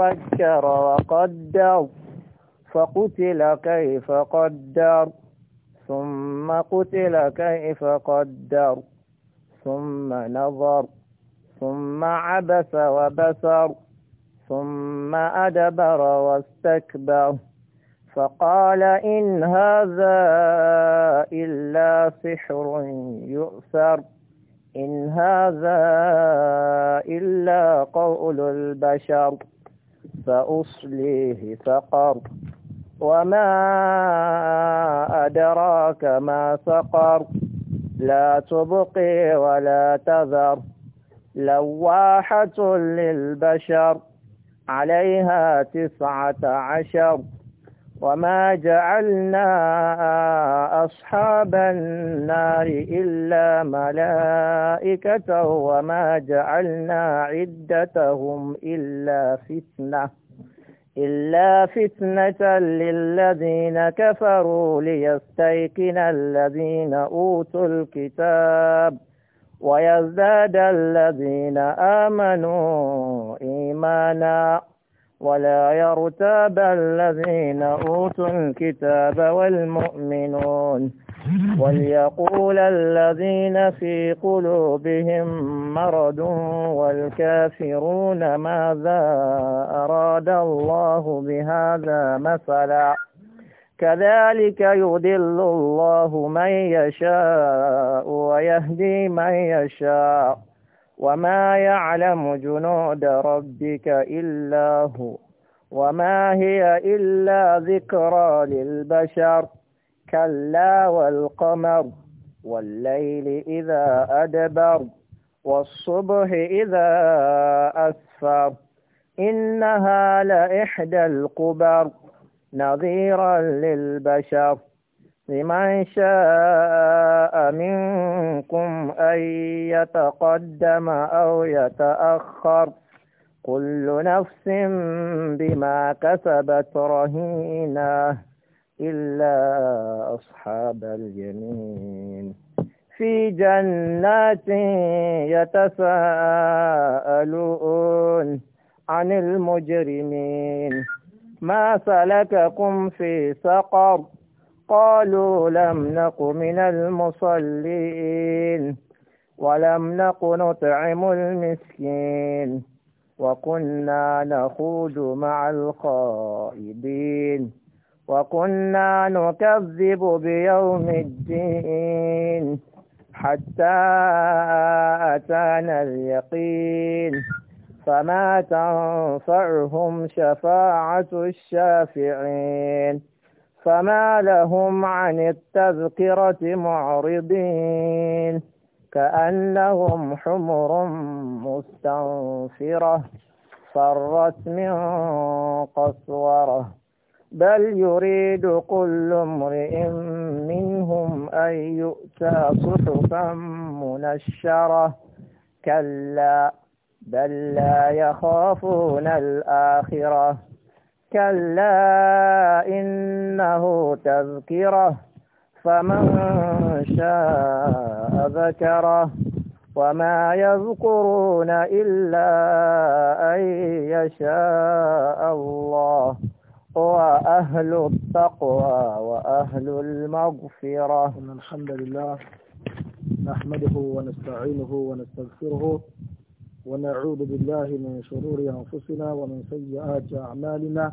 فكر وقدر فقتل كيف قدر ثم قتل كيف قدر ثم نظر ثم عبس وبسر ثم أدبر واستكبر فقال إن هذا إلا سحر يؤثر إن هذا إلا قول البشر فأصليه سقر وما أدراك ما سقر لا تبقي ولا تذر لواحة للبشر عليها تسعة عشر وما جعلنا أصحاب النار إلا ملائكة وما جعلنا عدتهم إلا فتنة إلا فتنة للذين كفروا ليستيقن الذين أوتوا الكتاب ويزداد الذين آمنوا إيمانا ولا يرتاب الذين أوتوا الكتاب والمؤمنون وليقول الذين في قلوبهم مرض والكافرون ماذا أراد الله بهذا مثلا كذلك يضل الله من يشاء ويهدي من يشاء وما يعلم جنود ربك إلا هو وما هي إلا ذكرى للبشر كلا والقمر والليل إذا أدبر والصبح إذا أسفر إنها لإحدى القبر نظيرا للبشر لمن شاء منكم أن يتقدم أو يتأخر كل نفس بما كسبت رهينة إلا أصحاب اليمين في جنات يتساءلون عن المجرمين ما سلككم في سقر قالوا لم نق من المصلين ولم نق نطعم المسكين وكنا نخوض مع الخائبين وكنا نكذب بيوم الدين حتى أتانا اليقين فما تنفعهم شفاعة الشافعين فما لهم عن التذكرة معرضين كأنهم حمر مستنفرة فرت من قسورة بل يريد كل امرئ منهم أن يؤتى صحفا منشرة كلا بل لا يخافون الآخرة كلا إنه تذكرة فمن شاء ذكره وما يذكرون إلا أن يشاء الله هو أهل التقوى وأهل المغفرة إن الحمد لله نحمده ونستعينه ونستغفره ونعوذ بالله من شرور أنفسنا ومن سيئات أعمالنا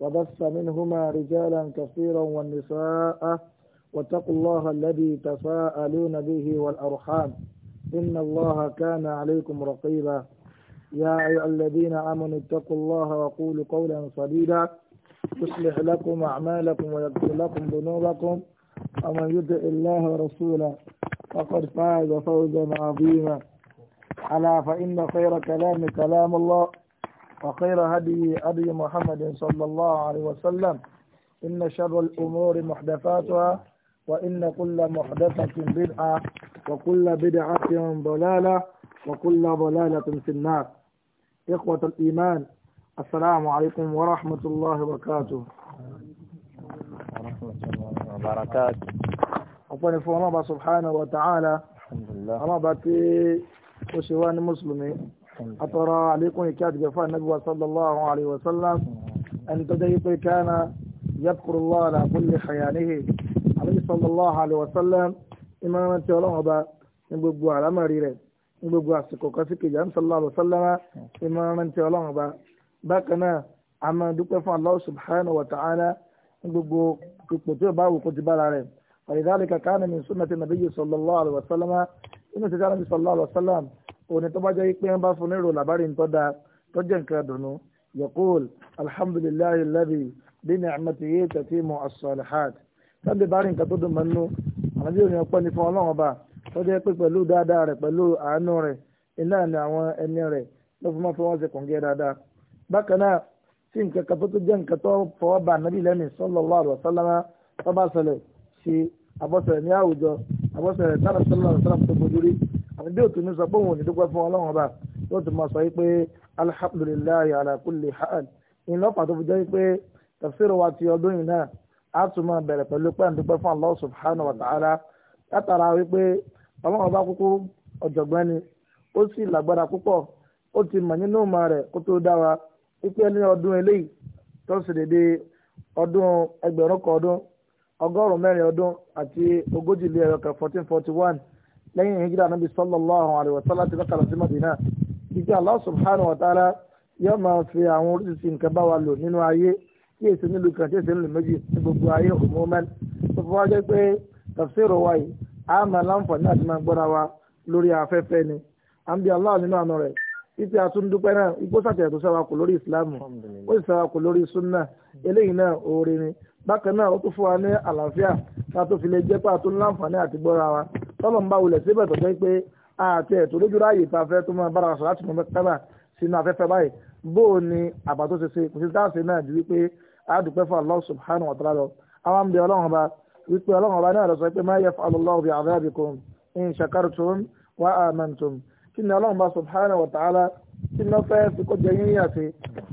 وبث منهما رجالا كثيرا والنساء واتقوا الله الذي تساءلون به والأرحام إن الله كان عليكم رقيبا يا أيها الذين آمنوا اتقوا الله وقولوا قولا صديدا يصلح لكم أعمالكم ويغفر لكم ذنوبكم ومن يطع الله ورسوله فقد فاز فوزا عظيما ألا فإن خير كلام كلام الله وخير هدي أبي محمد صلى الله عليه وسلم إن شر الأمور محدثاتها وإن كل محدثة بدعة وكل بدعة ضلالة وكل ضلالة في النار إخوة الإيمان السلام عليكم ورحمة الله وبركاته ورحمة الله وبركاته الله سبحانه وتعالى الحمد لله الله باتي وشوان مسلمين àtọ̀rọ̀ àlékún ìkẹ́ àtìgẹ́ fún anábíwá sallallahu alayhi wa sallam ẹni tó jẹ́ pé kánà yadkurullah ala kulli hayanihi alayhi sallallahu alayhi wa sallam ìmọ̀ràn tí ọlọ́run ọba ní gbogbo àlámọ̀rí rẹ̀ ní gbogbo àsìkò kan sí kejì àmì sallallahu alayhi wa sallam ìmọ̀ràn tí ọlọ́run ọba bákan náà a máa dúpẹ́ fún Allah subhanahu wa ta'ala ní gbogbo ipò tí ó bá wù kó ti bára rẹ̀ ولذلك كان من سنة النبي صلى الله عليه وسلم إن صلى الله عليه وسلم òní tó bá jẹ́ pé wọ́n bá fún ní ìrò làbárí ń tọ́da tó jẹ́ nǹkan dùnú yaqul alhamdulillahi alladhi bi ni'matihi tatimu as-salihat sábẹ́ bá rí nǹkan tó dùn mọ́nú àwọn bí òyìn ọpẹ́ ni fún ọlọ́run ọba tó jẹ́ pé pẹ̀lú dáadáa rẹ̀ pẹ̀lú àánú rẹ̀ iná ni àwọn ẹni rẹ̀ ló fi máa fi wọ́n ṣe kòǹgẹ́ dáadáa bákan náà tí ndị òtún ní sọ pé òun ò ní dúpẹ́ fún ọlọ́run ọba yóò tún máa sọ pé alhamdulilayi ala kulli hal ìlọ́pàá fi jẹ́ pé tafsir wa ti ọdún yìí náà a tún máa bẹ̀rẹ̀ pẹ̀lú pé à ń dúpẹ́ fún Allah subhanahu wa ta'ala látara wípé ọlọ́run ọba kúkú ọ̀jọ̀gbọ́n ni ó sì lágbára púpọ̀ ó ti mọ̀ nínú rẹ̀ kó tó dá wa wípé ní ọdún eléyìí lẹ́yìn hijira nabi sallallahu alayhi wa sallam ti bá kàlọ́ sí madina jíjẹ́ allah subhanahu wa ta'ala yóò máa fi àwọn oríṣiríṣi nǹkan bá wa lò nínú ayé kí èsì nílùú kan tí èsì nílùú méjì ní gbogbo ayé òmùmẹ́n tó fọwọ́ jẹ́ pé tafsir wa yìí a máa láǹfààní àti máa gbọ́ra wa lórí afẹ́fẹ́ ni à ń bi allah nínú àná rẹ̀ títí àtúndúpẹ́ náà igbó náà oore ni tó fi tọ́lọ̀ ń bá wulẹ̀ síbẹ̀ tó jẹ́ pé àti ẹ̀tọ́ lójú ráàyè tá a fẹ́ tó máa bára sọ láti mọ̀ mẹ́tẹ́bà sínú afẹ́fẹ́ báyìí bó o ní àbá tó ṣe ṣe kò sí dáàsì náà ju wípé àdùpẹ́ fún Allah subhanahu wa ta'ala lọ àwọn àmì ọlọ́run ọba wípé ọlọ́run ọba náà lọ sọ pé ma yaf'alu Allahu bi'adhabikum in shakartum wa amantum kí ni ọlọ́run ọba subhanahu wa ta'ala kí ni wọ́n fẹ́ fi kó jẹ yín yàtí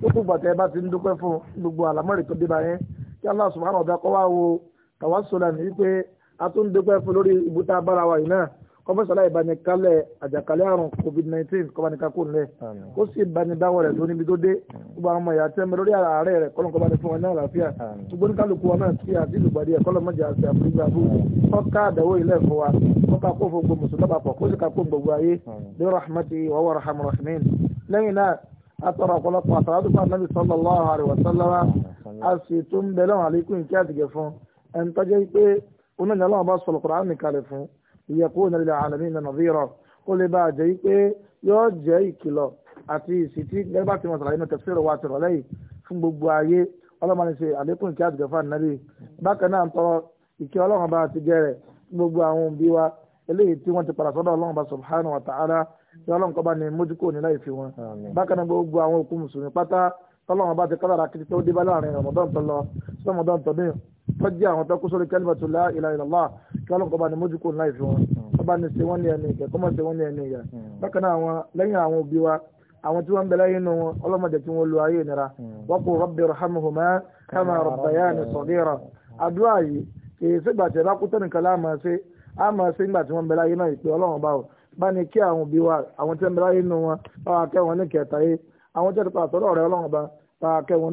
ó gbàtẹ́ bá ti ń dúpẹ́ fún gbogbo àlámọ́rì tó dé bá kí Allah subhanahu wa ta'ala kọ́ wá wo tàwásùlẹ̀ ní wípé atúndúpẹ́ fún lórí ibùdó abára wa yìí náà kọ́mọ́sálá ìbánikálẹ̀ àjàkálẹ̀ àrùn covid-19 kọ́bánikákó ńlẹ̀ ó sì ìbánidáwọ̀ rẹ̀ tó níbi tó dé gbogbo àwọn ọmọ ìyá tẹ́ mi lórí ààrẹ rẹ̀ kọ́lọ́n kọ́bá ní fún wọn ní àlàáfíà gbogbo oníkálukú wọn náà sí àti ìlúgbàdì ẹ̀ kọ́lọ́ mọ́jà àti àfúrúgbà fún ọkà àdàwọ̀ ilẹ̀ fún wa ọkà kó fún gbogbo mùsùlùmí àpapọ̀ kó sì ká kó gbogbo ayé bí rahmati wa wa rahmu rahimin lẹ́yìn náà atọ́rọ̀ òun náà ni aláwọ̀ bá sọ̀rọ̀ Kùránì kalẹ̀ fún liyakuna lil alamina nadhira kó lè bá a jẹ́ pé yóò jẹ́ ìkìlọ̀ àti ìsìtí gẹ́gẹ́ bá ti mọ̀ sàlàyé náà tafsir wa ti rọ̀lẹ́ yìí fún gbogbo ayé ọlọ́mọdé ṣe àlékún ìkí àtìgẹ́fà nàbí bákan náà ń tọrọ ìkí ọlọ́run bá ti gẹ̀rẹ̀ gbogbo àwọn òbí wa eléyìí tí wọ́n ti padà sọ́dọ̀ ọlọ́run bá subhanahu wa ta'ala tí ọlọ́run kọ́ bá ní mójúkò ní láì fi wọn. bákan náà gbogbo àwọn òkú mùsùlùmí pátá tọ́lọ́run bá ti kádàrá kiri tó dé bá láàrin ramadan tó lọ sọmọdán tó dín tọ́jú àwọn tó kú sórí kalimatu la ilaha illallah kí wọ́n kọ́ bá ní mójú kó láì fi wọn wọ́n bá ní ṣe wọ́n ní ẹni ìkẹ́ kọ́ mọ̀ ṣe wọ́n ní ẹni ìyà hmm. bákan náà àwọn lẹ́yìn àwọn òbí wa àwọn tí wọ́n ń bẹ lẹ́yìn nù wọn ọlọ́mọdé tí wọ́n lu ayé ìnira hmm. wọ́n kò rabbi rahamuhuma kama rabbayani saghira àdúrà yìí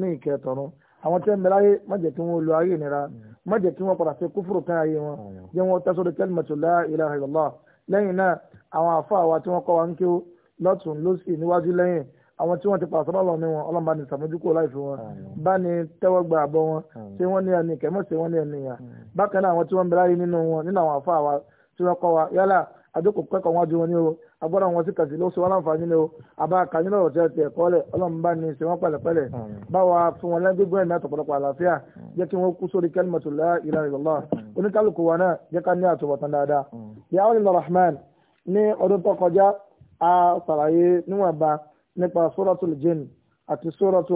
ní kí àwọn tí wọ́n bẹ láyé má jẹ́ kí wọ́n lo ayé ìnira má jẹ́ kí wọ́n padà sí kúfúrú kan ayé wọn jẹ́ wọ́n tẹ́sọ́ de kalimatu la ilaha illallah lẹ́yìn náà àwọn àfa àwa tí wọ́n kọ́ wa ń kí ó lọ́tún níwájú lẹ́yìn àwọn tí wọ́n ti pàṣẹ báwọn ní wọn ọlọ́mọba ní sàmójúkú láìfi wọn bá ní tẹ́wọ́ gba àbọ̀ wọn ṣé wọ́n ní ẹni kẹ́mọ́ ṣé wọ́n ní ẹni yà bákan náà àwọn tí wọ́n bẹ láyé nínú wọn nínú àwọn àfa àwa tí wọ́n kọ́ wa yálà àdókò kẹ́kọ̀ọ́ wọn ju wọn ní o agbọ́dọ̀ wọn sí kàsí ló ṣe wọn láǹfààní ni o àbá kàní lọ́rọ̀ tí a ti ẹ̀kọ́ lẹ̀ ọlọ́run bá ní ṣe wọ́n pẹ̀lẹ́pẹ̀lẹ́ báwa fún wọn lẹ́yìn gbígbọ́ ẹ̀mí àtọ̀pọ̀lọpọ̀ àlàáfíà jẹ́ kí wọ́n kú sórí kalimatu la ilaha illallah oníkálukú wa náà jẹ́ ká ní àtúbọ̀tán dáadáa. yàrá ìlọ rahman ní ọdún tó kọjá a sàlàyé níwọ̀nba nípa sóràtú jinn àti sóràtú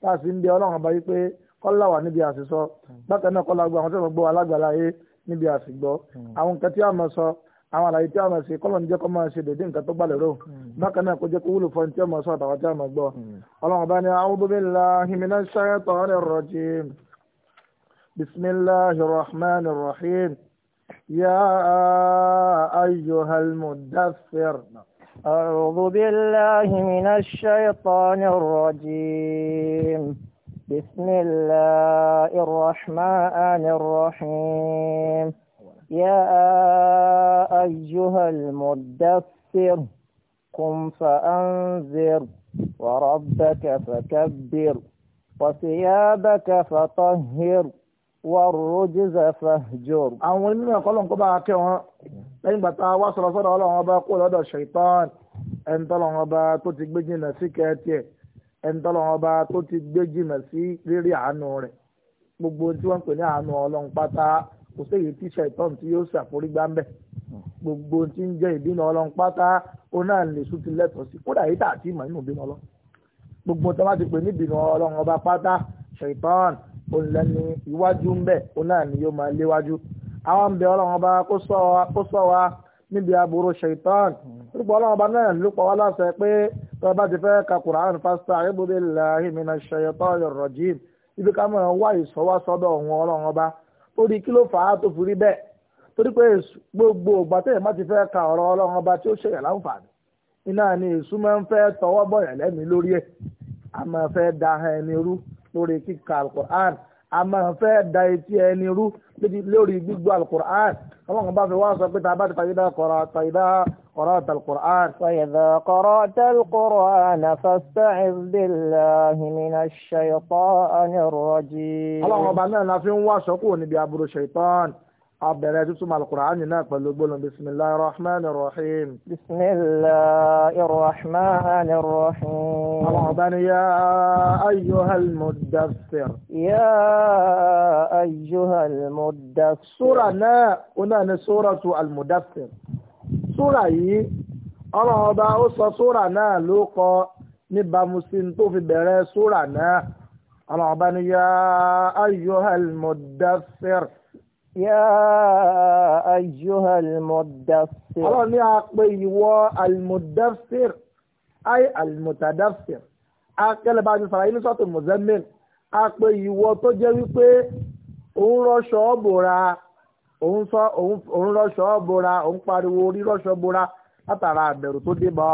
tá a sì ń bẹ ọlọ́run ọba yìí pé kọ́lá wà níbi àṣìsọ bákan náà kọ́lá gbọ́ àwọn tó ń gbọ́ alágbàlá yé níbi àṣìgbọ́ àwọn nǹkan tí a mọ̀ sọ àwọn àlàyé tí a máa ṣe kọ́lọ̀ níjẹ́ kọ́ máa ṣe dédé nǹkan tó gbà lérò bákan náà kó jẹ́ kó wúlò fún tí a máa sọ àtàwọn أعوذ بالله من الشيطان الرجيم بسم الله الرحمن الرحيم يا أيها المدثر قم فأنذر وربك فكبر وثيابك فطهر والرجز فاهجر أول من يقول لهم قبعة lẹ́yìn gbàtà wá sọ̀rọ̀ sọ́dọ̀ ọlọ́run ọba kó lọ́dọ̀ ṣèitán ẹni tọ́lọ́run ọba tó ti gbé jìnà sí kẹ́ẹ̀tì ẹ̀ ẹni tọ́lọ́run ọba tó ti gbé jìnà sí rírí àánú rẹ̀ gbogbo tí wọ́n ń pè ní àánú ọlọ́run pátá kò séyìí tí ṣèitán tí yóò ṣàforígbá ń bẹ̀ gbogbo tí ń jẹ́ ìbínú ọlọ́run pátá ó náà lè sùn ti lẹ́tọ̀ọ́ sí kódà yìí tà tí màínú ìbínú ọlọ́run àwọn àmì ọlọ́run ọba kó sọ wa níbi aburú ṣaitan rúgbọ́ ọlọ́run ọba náà ló pa wá láṣẹ pé tó bá ti fẹ́ ka Qur'an fasta'idh billahi minash shaitanir rajim ibi ká mọ̀ wá ìsọwọ́sọdọ̀ ọ̀hún ọlọ́run ọba ó di kí ló fà á tó fi rí bẹ́ẹ̀ torí pé gbogbo ògbà tẹ̀yẹ̀ má ti fẹ́ ka ọ̀rọ̀ ọlọ́run ọba tí ó ṣèyàn láǹfààní iná ni èṣù máa ń fẹ́ tọwọ́ bọ̀yàn lẹ́mìí lórí ẹ̀ a máa fẹ́ da ẹni rú lórí lórí gbígbọ́ alukur'an àwọn kan bá fi wá sọ pé tá a bá ti fàyídá kọ̀rọ̀ fàyídá kọ̀rọ̀ talkur'an. fàyídá kọ̀rọ̀ talkur'an fasta'iz billahi minash shaytanir rajim. àwọn ọba náà la fi ń wá sọ́kù níbi aburú ṣaitan. abẹ̀rẹ̀ tuntun alukur'ani náà pẹ̀lú gbólóhùn bisimilahi rahman rahim. bisimilahi rahman rahim. àwọn ọba ni yá ayyuhal mudassir. yá ayyuhal mudassir. súra náà ó náà ní súra tu almudassir. súra yìí ọlọ́run ọba ó sọ súra náà ló kọ níbàámu sí tó fi bẹ̀rẹ̀ súra náà. ọlọ́run ọba ni yá ayyuhal mudassir. يا أيها المدثر أرني أقبي المدثر أي المتدثر أقل بعد فرعين صوت المزمن أقبي وتجري òun rọṣọ bòra òun sọ òun rọṣọ bòra òun pariwo orí rọṣọ bòra látara àbẹ̀rù tó dé bọ́.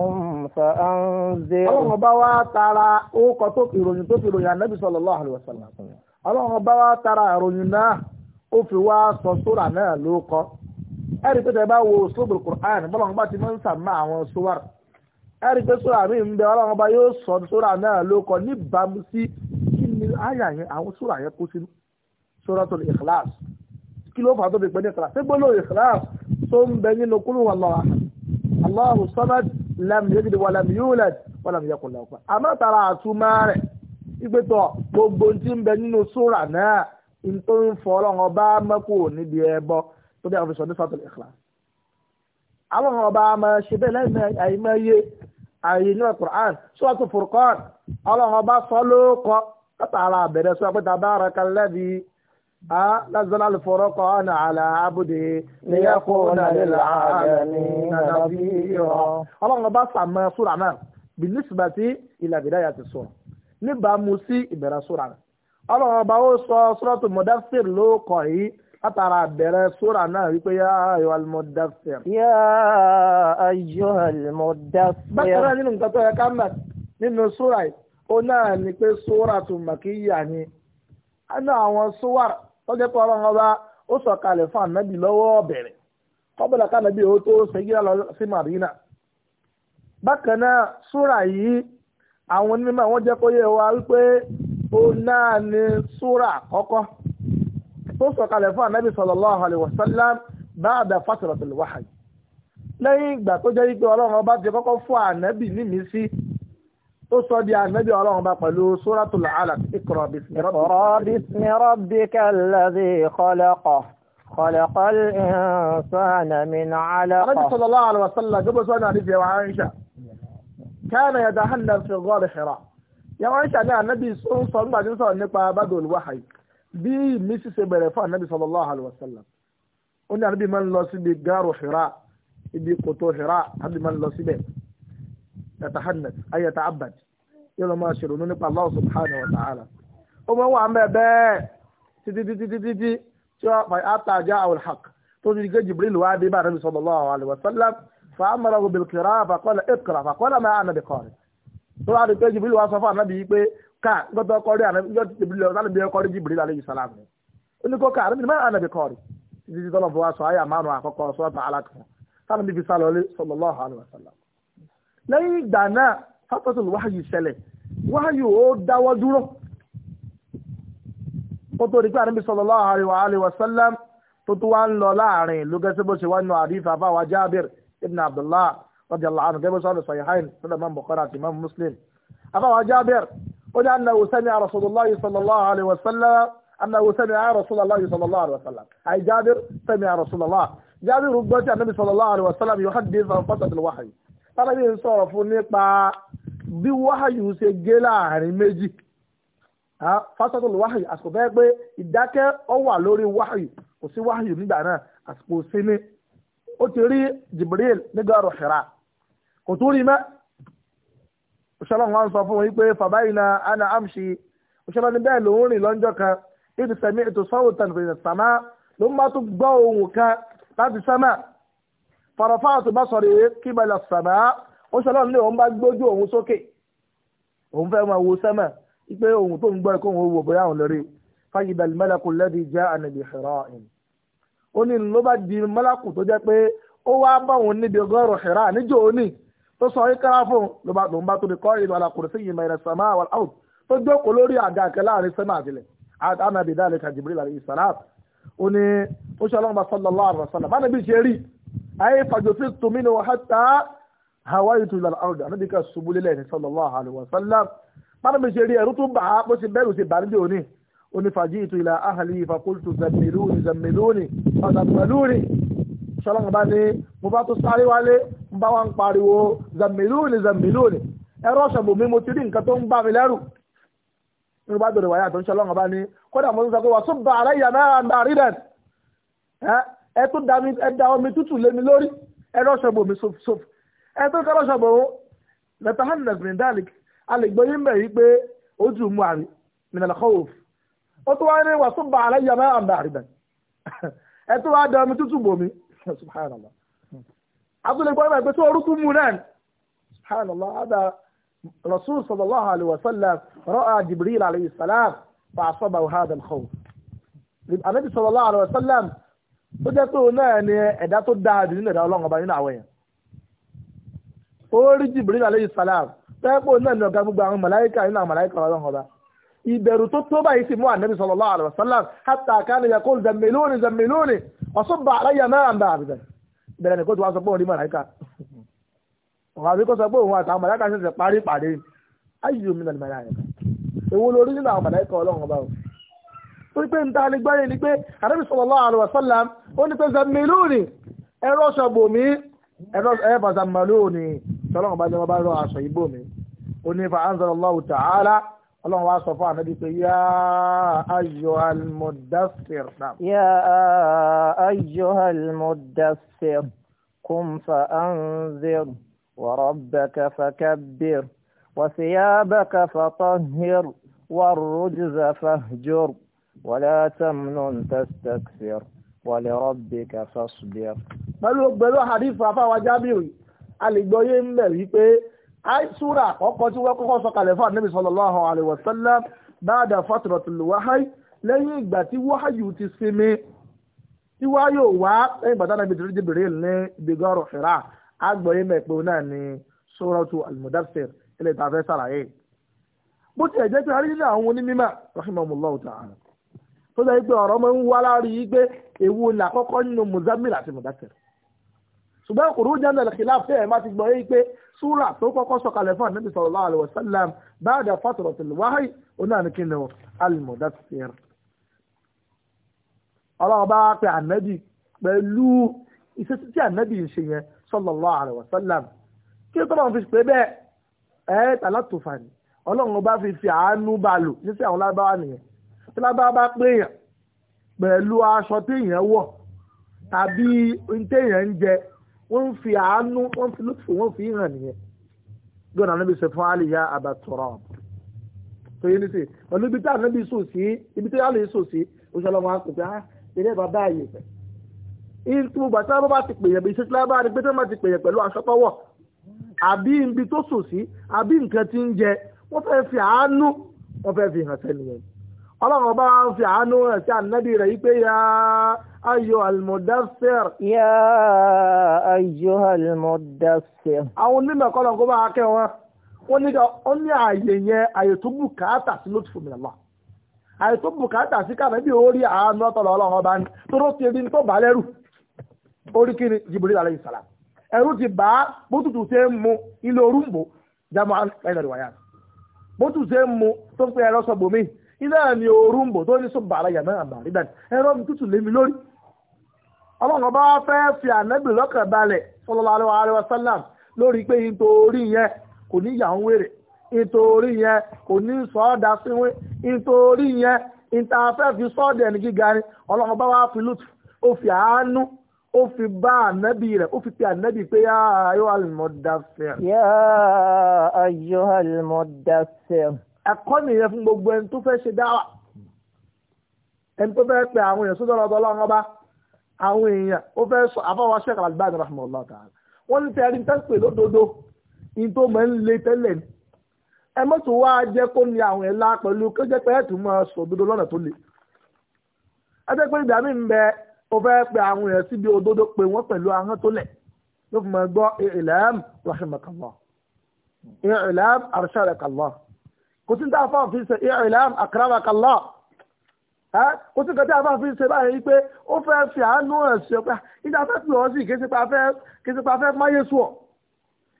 ọlọ́run ọba wa tara orúkọ tó ìròyìn tó fi ròyìn ànábì sallallahu ọlọ́run ọba wa tara ìròyìn náà ó fi wá sọ sóra náà ló kọ́ ẹ̀rí pé tẹ̀bá wo sóbùrù Qur'an bọ́lọ́n bá ti mọ́ ń sàmà àwọn sówárì ẹ̀rí pé sóra mi ń bẹ ọlọ́run bá yóò sọ sóra náà ló kọ́ níbàámu sí kí ni àyà yẹn àwọn sóra yẹn kó sínú Suratul Ikhlas kí ló fà tó fi pẹ́ ní Ikhlas ṣé gbólóhùn Ikhlas tó ń bẹ nínú kúrú wọn lọ́wọ́ Allahu samad lam yalid wa tó ń fọ ọlọ́run ọba mẹ́kù níbi ẹbọ tó dé àwọn ìṣọ̀dún sọ́tò Ikhlas. ọlọ́run ọba máa ṣe bẹ́ẹ̀ lẹ́yìn àìmọye àyè ní Al-Qur'an Suratu Furqan ọlọ́run ọba sọ lóko látara àbẹ̀rẹ̀ sọ pé tabaraka alladhi نزل الفرقان على عبده ليكون للعالمين نذيرا الله بس عما سورة بالنسبة إلى بداية السورة نبقى موسي ọlọ́run ọba ó sọ sọ́rọ́tù mọ̀dáfíìr ló kọ̀ yìí látara bẹ̀rẹ̀ sóra náà wípé yá ayọ̀ alimọ̀dáfíìr. yá ayọ̀ alimọ̀dáfíìr. bákan nínú nǹkan tó yẹ ká mọ̀ nínú sóra yìí ó náà ní pé sóra tó ni ẹnu àwọn sówà lọ́jọ́ pé ọlọ́run ọba ó sọ kalẹ̀ fún ànábì lọ́wọ́ bẹ̀rẹ̀ ó tó lọ sí sóra yìí àwọn onímọ̀ wọ́n jẹ́ kó wa wípé ó náà ní súrà àkọ́kọ́ tó sọ̀kalẹ̀ fún ànábì sallallahu alaihi wasallam ba'da fatratil wahyi lẹ́yìn ìgbà tó jẹ́ wípé ọlọ́run ọba ti kọ́kọ́ fún ànábì nímísí ó sọ di ànábì ọlọ́run ọba pẹ̀lú suratul alaq iqra bismi rabbika alladhi khalaqa khalaqal insana min alaq. ànábì sallallahu alaihi wasallam gbogbo sọ́nà àdìsẹ́ wa Aisha kana yatahanna fi ghar Hira yàwó aisha ní anabi ń sọ nígbà tí ń sọ̀rọ̀ nípa badul wahyi bí mi sì ṣe bẹ̀rẹ̀ fún anabi sallallahu alaihi wasallam ó ní anabi máa ń lọ síbi gáàrò hira ibi kòtò hira anabi máa ń lọ síbẹ̀ yatahannas ay yata'abbad yóò lọ máa ṣèrò nípa allah subhanahu wa ta'ala ó máa ń wà mẹ́ bẹ́ẹ̀ títí títí títí tí wọ́n fa àtàjà àwọn haq tó ti gé jibril wá dé bá anabi sallallahu alaihi wasallam fa amara bil qira'a fa qala iqra fa qala ma ana bi qari' tó wá rí pé jìbìrì wá sọ fún ànábì yìí pé ká gbọ́dọ̀ kọrí ànábì yóò jìbìrì lọ sálẹ̀ bí kọrí alayhi salam ni ó ní kó ká ànábì máa ànábì kọrí títí tí tọ́lọ̀ fún wa sọ ayé àmánù àkọ́kọ́ sọ́ọ̀tà alákùnrin sálẹ̀ bí fi sálọ lé sallallahu alaihi wasallam lẹ́yìn ìgbà náà fátọ́tù wáyù ṣẹlẹ̀ wáyù ó dáwọ́ dúró ó tó rí pé ànábì sallallahu alaihi wasallam tó tó wá ń lọ láàrin ìlú gẹ́sẹ́ bó ṣe wá nù àdìfà Abdullah radiyallahu anhu gẹ́gẹ́ sọ́nà sahihain lọ́dọ̀ imam bukhari àti imam muslim afáwọn jábẹ́r ó ní anna usami rasulullahi sallallahu alaihi wasallam anna usami rasulullahi sallallahu alaihi wasallam àì jábẹ́r sami rasulullah jábẹ́r gbọ́ tí anabi sallallahu alaihi wasallam yóò hàdí sọ fọ́sọ̀tì wáhàyù tábàbí ń sọ̀rọ̀ fún nípa bí wáhàyù ṣe gé láàrin méjì fásitì wáhàyù àsìkò bẹ́ẹ̀ pé ìdákẹ́ ọ wà lórí wáhàyù kò sí wáhàyù nígbà náà àsìkò sínú ó ti rí jibril nígbà rọ̀ ṣẹ̀ra kò tún rí mẹ́ òṣèlọ́n wọn sọ fún wọn pé fàbáyìnà ana amṣi òṣèlọ́n ní bẹ́ẹ̀ lòún rìn lọ́jọ́ kan ibi sẹ̀mí ètò sọ́wọ́ tàn fèrè sàmá ló má tún gbọ́ ohun kan láti sẹ́mà fàràfà àti bá sọ̀rọ̀ èyí kí balẹ̀ sàmá òṣèlọ́n ní òun bá gbójú òun sókè òun fẹ́ máa wo sẹ́mà pé ohun tó ń gbọ́ ẹ̀kọ́ òun wò bóyá òun lórí fàyìbà mẹ́lẹ́kù lẹ́bi jẹ́ ànàbì ṣẹ̀rọ̀ìn ó tó sọ yí kára fún ló bá lòun bá tó di kọ́ ìlú alakùrẹ́ sí ìmọ̀ ìrẹsẹ̀ máa wà áwùd tó jókòó lórí àga àkẹ́ láàrin sẹ́mà àtìlẹ̀ ànábì dáàlẹ̀ ka Jibril alayhi salam ó ní ó ṣe ọlọ́run bá sallallahu alaihi wasallam bá níbi ṣe rí ayé fàjọsí tòmínú hatta hawaii tó ìlànà àrùn ànábì ká ṣubú lélẹ̀ ní sallallahu alaihi wasallam bá níbi ṣe rí ẹ̀rú ṣọ́lọ́mọ bá ní mo bá tó sáré wálé ń bá wa ń pariwo zamilúni zamilúni ẹ̀rọ ṣọ̀bù mi mo ti rí nǹkan tó ń bá mi lẹ́rù nínú bá bẹ̀rẹ̀ wáyà tó ń ṣọ́lọ́mọ bá ní kódà mo tún sọ pé wà sún bàárẹ̀ yà náà ń darí dẹ̀ ẹ tó da mi ẹ da omi tútù lé mi lórí ẹ̀rọ ṣọ̀bù mi sof ẹ tó kẹ́rọ ṣọ̀bù lẹ́tà hannes brindalik alègbóyè ń bẹ̀ yí pé ojú mu àrí minalakowf ó tó ẹ tó wá da omi tútù bò mí سبحان الله عبد الله بن عباس رطب مولان سبحان الله هذا رسول صلى الله عليه وسلم رأى جبريل عليه السلام فأصابه هذا الخوف النبي صلى الله عليه وسلم ودته نان اداتو داد ني الله لون باينا وين اور جبريل عليه السلام تابو نان نو غبو غان ملائكه الله ملائكه لون هذا ìbẹ̀rù tó tó báyìí sì mú ànábì sallallahu alaihi wasallam hatta kana yaqul zammiluni zammiluni ọ̀sọ́bà aláyà náà ń bá àbẹ̀bẹ̀ bẹ̀rẹ̀ ní kó tó wá sọ pé òun rí màláìka ọ̀hún àbí kó sọ pé òun àtàwọn màláìka ṣẹ̀ṣẹ̀ parí pàdé ayyu min al-malaika èwo lórí nínú àwọn màláìka ọlọ́run ọba o ó ní pé zammiluni ẹ̀rọ ṣọ̀bù mi ni wọ́n bá rọ aṣọ ìbò mi ó ní ọlọ́run wá sọ fún ànábì pé yá ayọ̀ almudasir náà. yá ayọ̀ almudasir kún fa anzir wa rabbaka fakabbir wa thiyabaka fatahhir والرجز فاهجر ولا تمنن تستكثر ولربك فاصبر pẹ̀lú pẹ̀lú àdífà fáwọn jábìrì a lè gbọ́yé ń bẹ̀ wípé àìsúra àkọ́kọ́ tí wọ́n kọ́kọ́ sọ kalẹ̀ fún ànábì sallallahu alaihi wasallam ba'da fatratil wahyi lẹ́yìn ìgbà tí wáyù ti sinmi tí wáyò wá lẹ́yìn ìgbà tí ànábì tó Jibril ní ìgbégọ́rọ̀ fìrà àgbọ̀yé mẹ́pẹ́ náà ní suratu al-Mudaththir ilé sàlàyé. bó tiẹ̀ jẹ́ pé arí nínú àwọn onímọ̀ súrà tó kọ́kọ́ sọ̀kalẹ̀ fún ànábì sallallahu alaihi wasallam ba'da fatratil wahyi onáàníkínà al-mudaththir. ọlọ́run bá pe ànábì pẹ̀lú iṣẹ́ tí ànábì ń ṣe yẹn sallallahu alaihi wasallam kí tó máa fi pé bẹ́ẹ̀ ẹ̀ tàlátòfà ni ọlọ́run bá fi fi àánú bá lò níṣẹ́ àwọn lábáwá nìyẹn tí lábáwá bá wọ́n ń fi àánú wọ́n fi lùtù wọ́n fi hàn nìyẹn gbọ́dọ̀ anábì sọ fún àlìyá àbàtọ̀rọ̀ tó yé nísì pẹ̀lú ibi tí anábì sò sí ibi tí àlìyá sò sí oṣù ọlọ́mọ akọ̀pẹ́ ah, á eré bàbá ààyè pẹ̀ ìtú bàtà bá bá ti pèyàn bí iṣẹ́ tí lábá rí pé tó má ti pèyàn pẹ̀lú aṣọ tọ́wọ̀ àbí ibi tó sò sí àbí nǹkan tí ń jẹ wọ́n fẹ́ fi àánú wọ́n fẹ́ fi hàn sẹ́niyẹn ọlọ́run bá ń fi àánú rẹ̀ sí ànábì rẹ̀ yípe ya ayo almudassir. ya ayo almudassir. àwọn onímọ̀ kọ́lọ̀ kó bá a kẹ́ wọn wọ́n ní ó ní ààyè yẹn ààyè tó bùkátà sí ló ti fòmìnà lọ. ààyè tó bùkátà sí kànábì orí àánú ọ̀tọ̀lọ̀ ọlọ́run ọba ni tóró ti rí tó bá lẹ́rù orí kí ni jìbìrì àlẹ́ ìsàlá ẹ̀rù ti bá bótùtù ṣe ń mu ilé orúmbó jámọ́ ẹ̀rọ ìwàyà bótùtù ṣe ń mu tó ń pè ẹ̀rọ sọ iná ni oru ń bò tó ní sùn bàrà yàmẹ́ àbàrí dàdí ẹ̀rọ mi tútù lémi lórí. ọlọ́run bá fẹ́ fi ànábì lọ́kàn balẹ̀ sallallahu alaihi wasallam lórí pé nítorí yẹn kò ní yàwó wèrè nítorí yẹn kò ní sọ́ọ̀dà síwé nítorí yẹn níta fẹ́ fi sọ́ọ̀dà ẹni gíga ni ọlọ́run bá wá fi lùtù ó fi àánú ó fi bá ànábì rẹ̀ ó fi pe ànábì pé yá ayọ́ àlùmọ́dá yá ayọ́ àlùmọ́dá ẹ̀kọ́ nìyẹn fún gbogbo ẹni tó fẹ́ ṣe dáwà ẹni tó fẹ́ pe àwọn èèyàn sódò ọ̀dọ̀ ọlọ́run ọba àwọn èèyàn ó fẹ́ sọ àfọwọ́ Sheikh Al-Albani rahimahullah ta'ala wọ́n ní tẹ́rí tẹ́ pè lódodo ní tó mọ̀ ń le tẹ́lẹ̀ ni ẹ mọ́tò wá jẹ́ kó ní àwọn ẹ̀ pẹ̀lú kó jẹ́ pé ẹ̀tù máa sọ òdodo lọ́nà tó le ẹ jẹ́ pé ìgbà ń bẹ ó fẹ́ pe àwọn èèyàn síbi òdodo pé wọ́n pẹ̀lú ahọ́n tó lẹ̀ ló fi máa gbọ́ ìlẹ́m rahimahullah ìlẹ́m arshadakallah kò sí tá a fà fi ṣe ìrìnlẹ́m àkàràwàkàlá kò sí kẹtẹ́ àfà fi ṣe báyìí pé ó fẹ́ fi àánú rẹ̀ sí ọpẹ́ ìjà fẹ́ pè ọ́ sí kéṣepa fẹ́ máyé sùọ́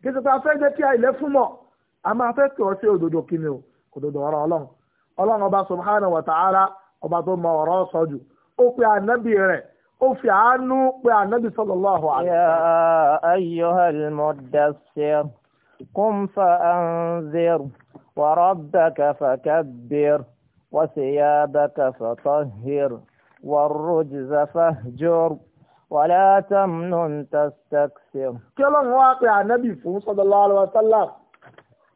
kéṣepa fẹ́ jẹ́ kí àìlẹ́ a o òdodo ọ̀rọ̀ ọlọ́run ọlọ́run ọba subhanahu wa ta'ala ọba tó قم فأنذر وربك فكبر وثيابك فطهر والرجز فاهجر ولا تمنن تستكثر kí Ọlọ́run wá pe ànábì fún sallallahu alaihi wasallam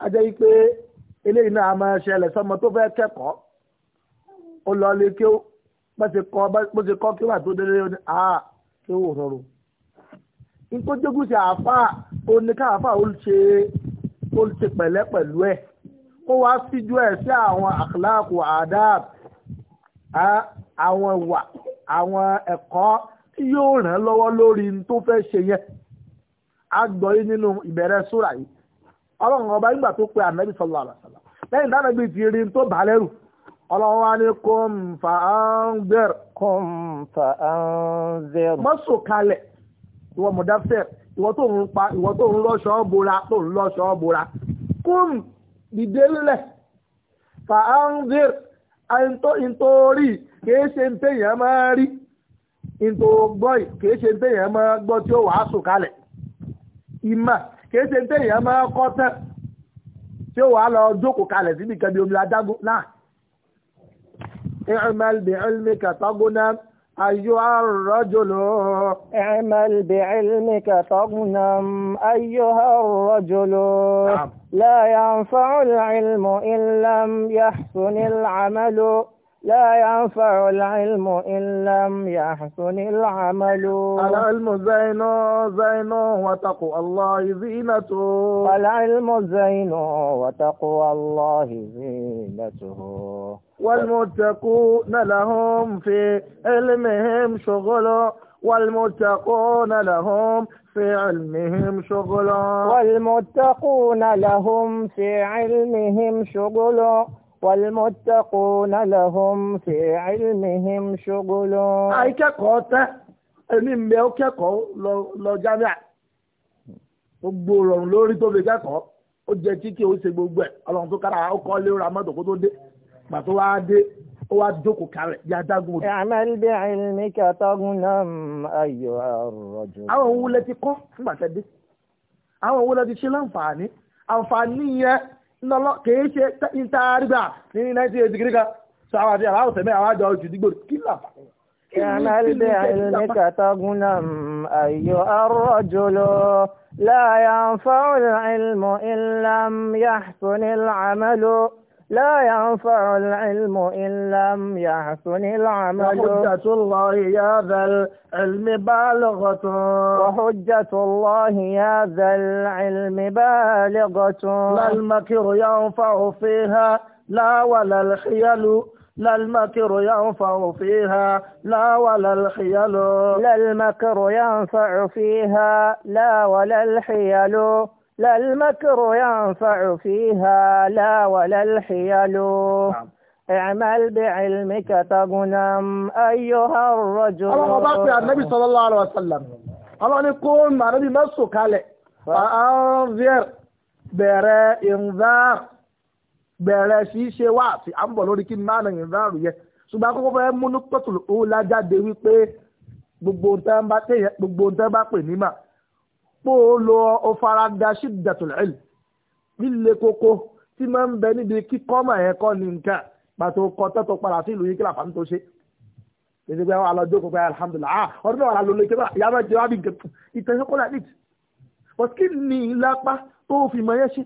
a jẹ́ pé eléyìí náà máa ṣẹlẹ̀ sọ́mọ tó fẹ́ kẹ́kọ̀ọ́ ó lọ lé kí ó bó ṣe kọ́ kí wà tó délé ó ní àá kí ó wò rọrùn. nítorí jókòó ṣe àáfàá ó ní káàfà ó ṣe ó ṣe pẹ̀lẹ́ pẹ̀lú ẹ̀ kó wá síjú ẹ̀ sí àwọn àkàlàkù àdáàb àwọn ìwà àwọn ẹ̀kọ́ tí yóò ràn lọ́wọ́ lórí tó fẹ́ ṣe yẹn a gbọ́ yín nínú ìbẹ̀rẹ̀ súrà yìí ọlọ́run ọba nígbà tó pe ànábì sọlọ àlàsàlà lẹ́yìn tí ànábì ti rí tó bà lẹ́rù ọlọ́run wa ní kòm án zẹ́r. kòm án zẹ́r. mọ́sọ̀ kalẹ̀ ìwọ mọ̀dáfẹ́rẹ́ ìwọ tó ń pa ìwọ tó ń lọ́ṣọ́ bora tó ń lọ́ṣọ́ bora kún dìde lẹ̀ fà á ń dìr nítorí kìí ṣe ń téèyàn máa rí nítorí gbọ́ kìí ṣe ń téèyàn máa gbọ́ tí ó wàá sùn kalẹ̀ ìmọ̀ kìí ṣe ń téèyàn lọ jókòó kalẹ̀ síbi kan bí omi adágún náà. ìrìnmọ̀ ìbí ìrìnmọ̀ أيها الرجل اعمل بعلمك تغنم أيها الرجل نعم. لا ينفع العلم إن لم يحسن العمل لا ينفع العلم إن لم يحسن العمل العلم زين زين وتقوى الله زينته العلم زين وتقوى الله زينته والمتقون لهم في علمهم شغل والمتقون لهم في علمهم شغل والمتقون لهم في علمهم شغل wàlmọ́tẹ́kùn lẹ́hùn fi ilmihim ṣogolo. àìkẹ́kọ̀ọ́ tẹ́ èmi ń bẹ ó ọkẹkọọ lọ gbogbo rọrùn lórí tó fi kẹ́kọ̀ọ́ ó ṣe gbogbo ẹ̀ ọlọ́run tó kára ó kọ́ lé ra kó tó dé wá dé ó wá jókòó kárẹ̀ bí adágún àìní kí náà ayọ̀ àwọn ti kọ́ fún àwọn ti lọ́lọ́ kìí ṣe ìtarígbà ní 1980 gíríkà sọ àwọn àti àwọn ọ̀sẹ̀ mẹ́rin àwọn àjọ ojú dígbò kí làbà. كمثل علمك تغنم أيها الرجل لا ينفع العلم إن لم يحسن العمل لا ينفع العلم إن لم يحسن العمل وحجة الله يا ذا العلم بالغة وحجة الله يا ذا العلم بالغة لا المكر ينفع فيها لا ولا الحيل لا المكر ينفع فيها لا ولا الحيل لا المكر ينفع فيها لا ولا الحيل لا المكر ينفع فيها لا ولا الحيل اعمل بعلمك تغنم أيها الرجل الله أبارك على النبي صلى الله عليه وسلم الله نقول مع النبي مسك عليه فأنذر بẹ̀rẹ̀ إنذار bẹ̀rẹ̀ sí ṣe ام àti à ń bọ̀ lórí kí máa nàìjíríà ìdáàrú yẹ ṣùgbọ́n akókó fẹ́ múnú pẹ̀tùlù ó lájáde wípé gbogbo nǹkan bá pè ní pò ó lo ọ̀farada ṣídàtul ilm líle koko tí máa ń bẹ níbi kíkọ́ mà ẹ̀ kọ́ ní nǹkan pàtó kọ́ tọ́tọ́ padà sí ìlú yìí kí làfàmì tó ṣe èdè pé àwọn alọ́jọ́ kò pé alhamdulilah ah, ọdún náà wà lálọ́ lókè bá ìyá máa jẹ wá bí nǹkan ìtẹ̀sẹ̀ kó láti but kí ni ìlápá tó fi mọ yẹn ṣe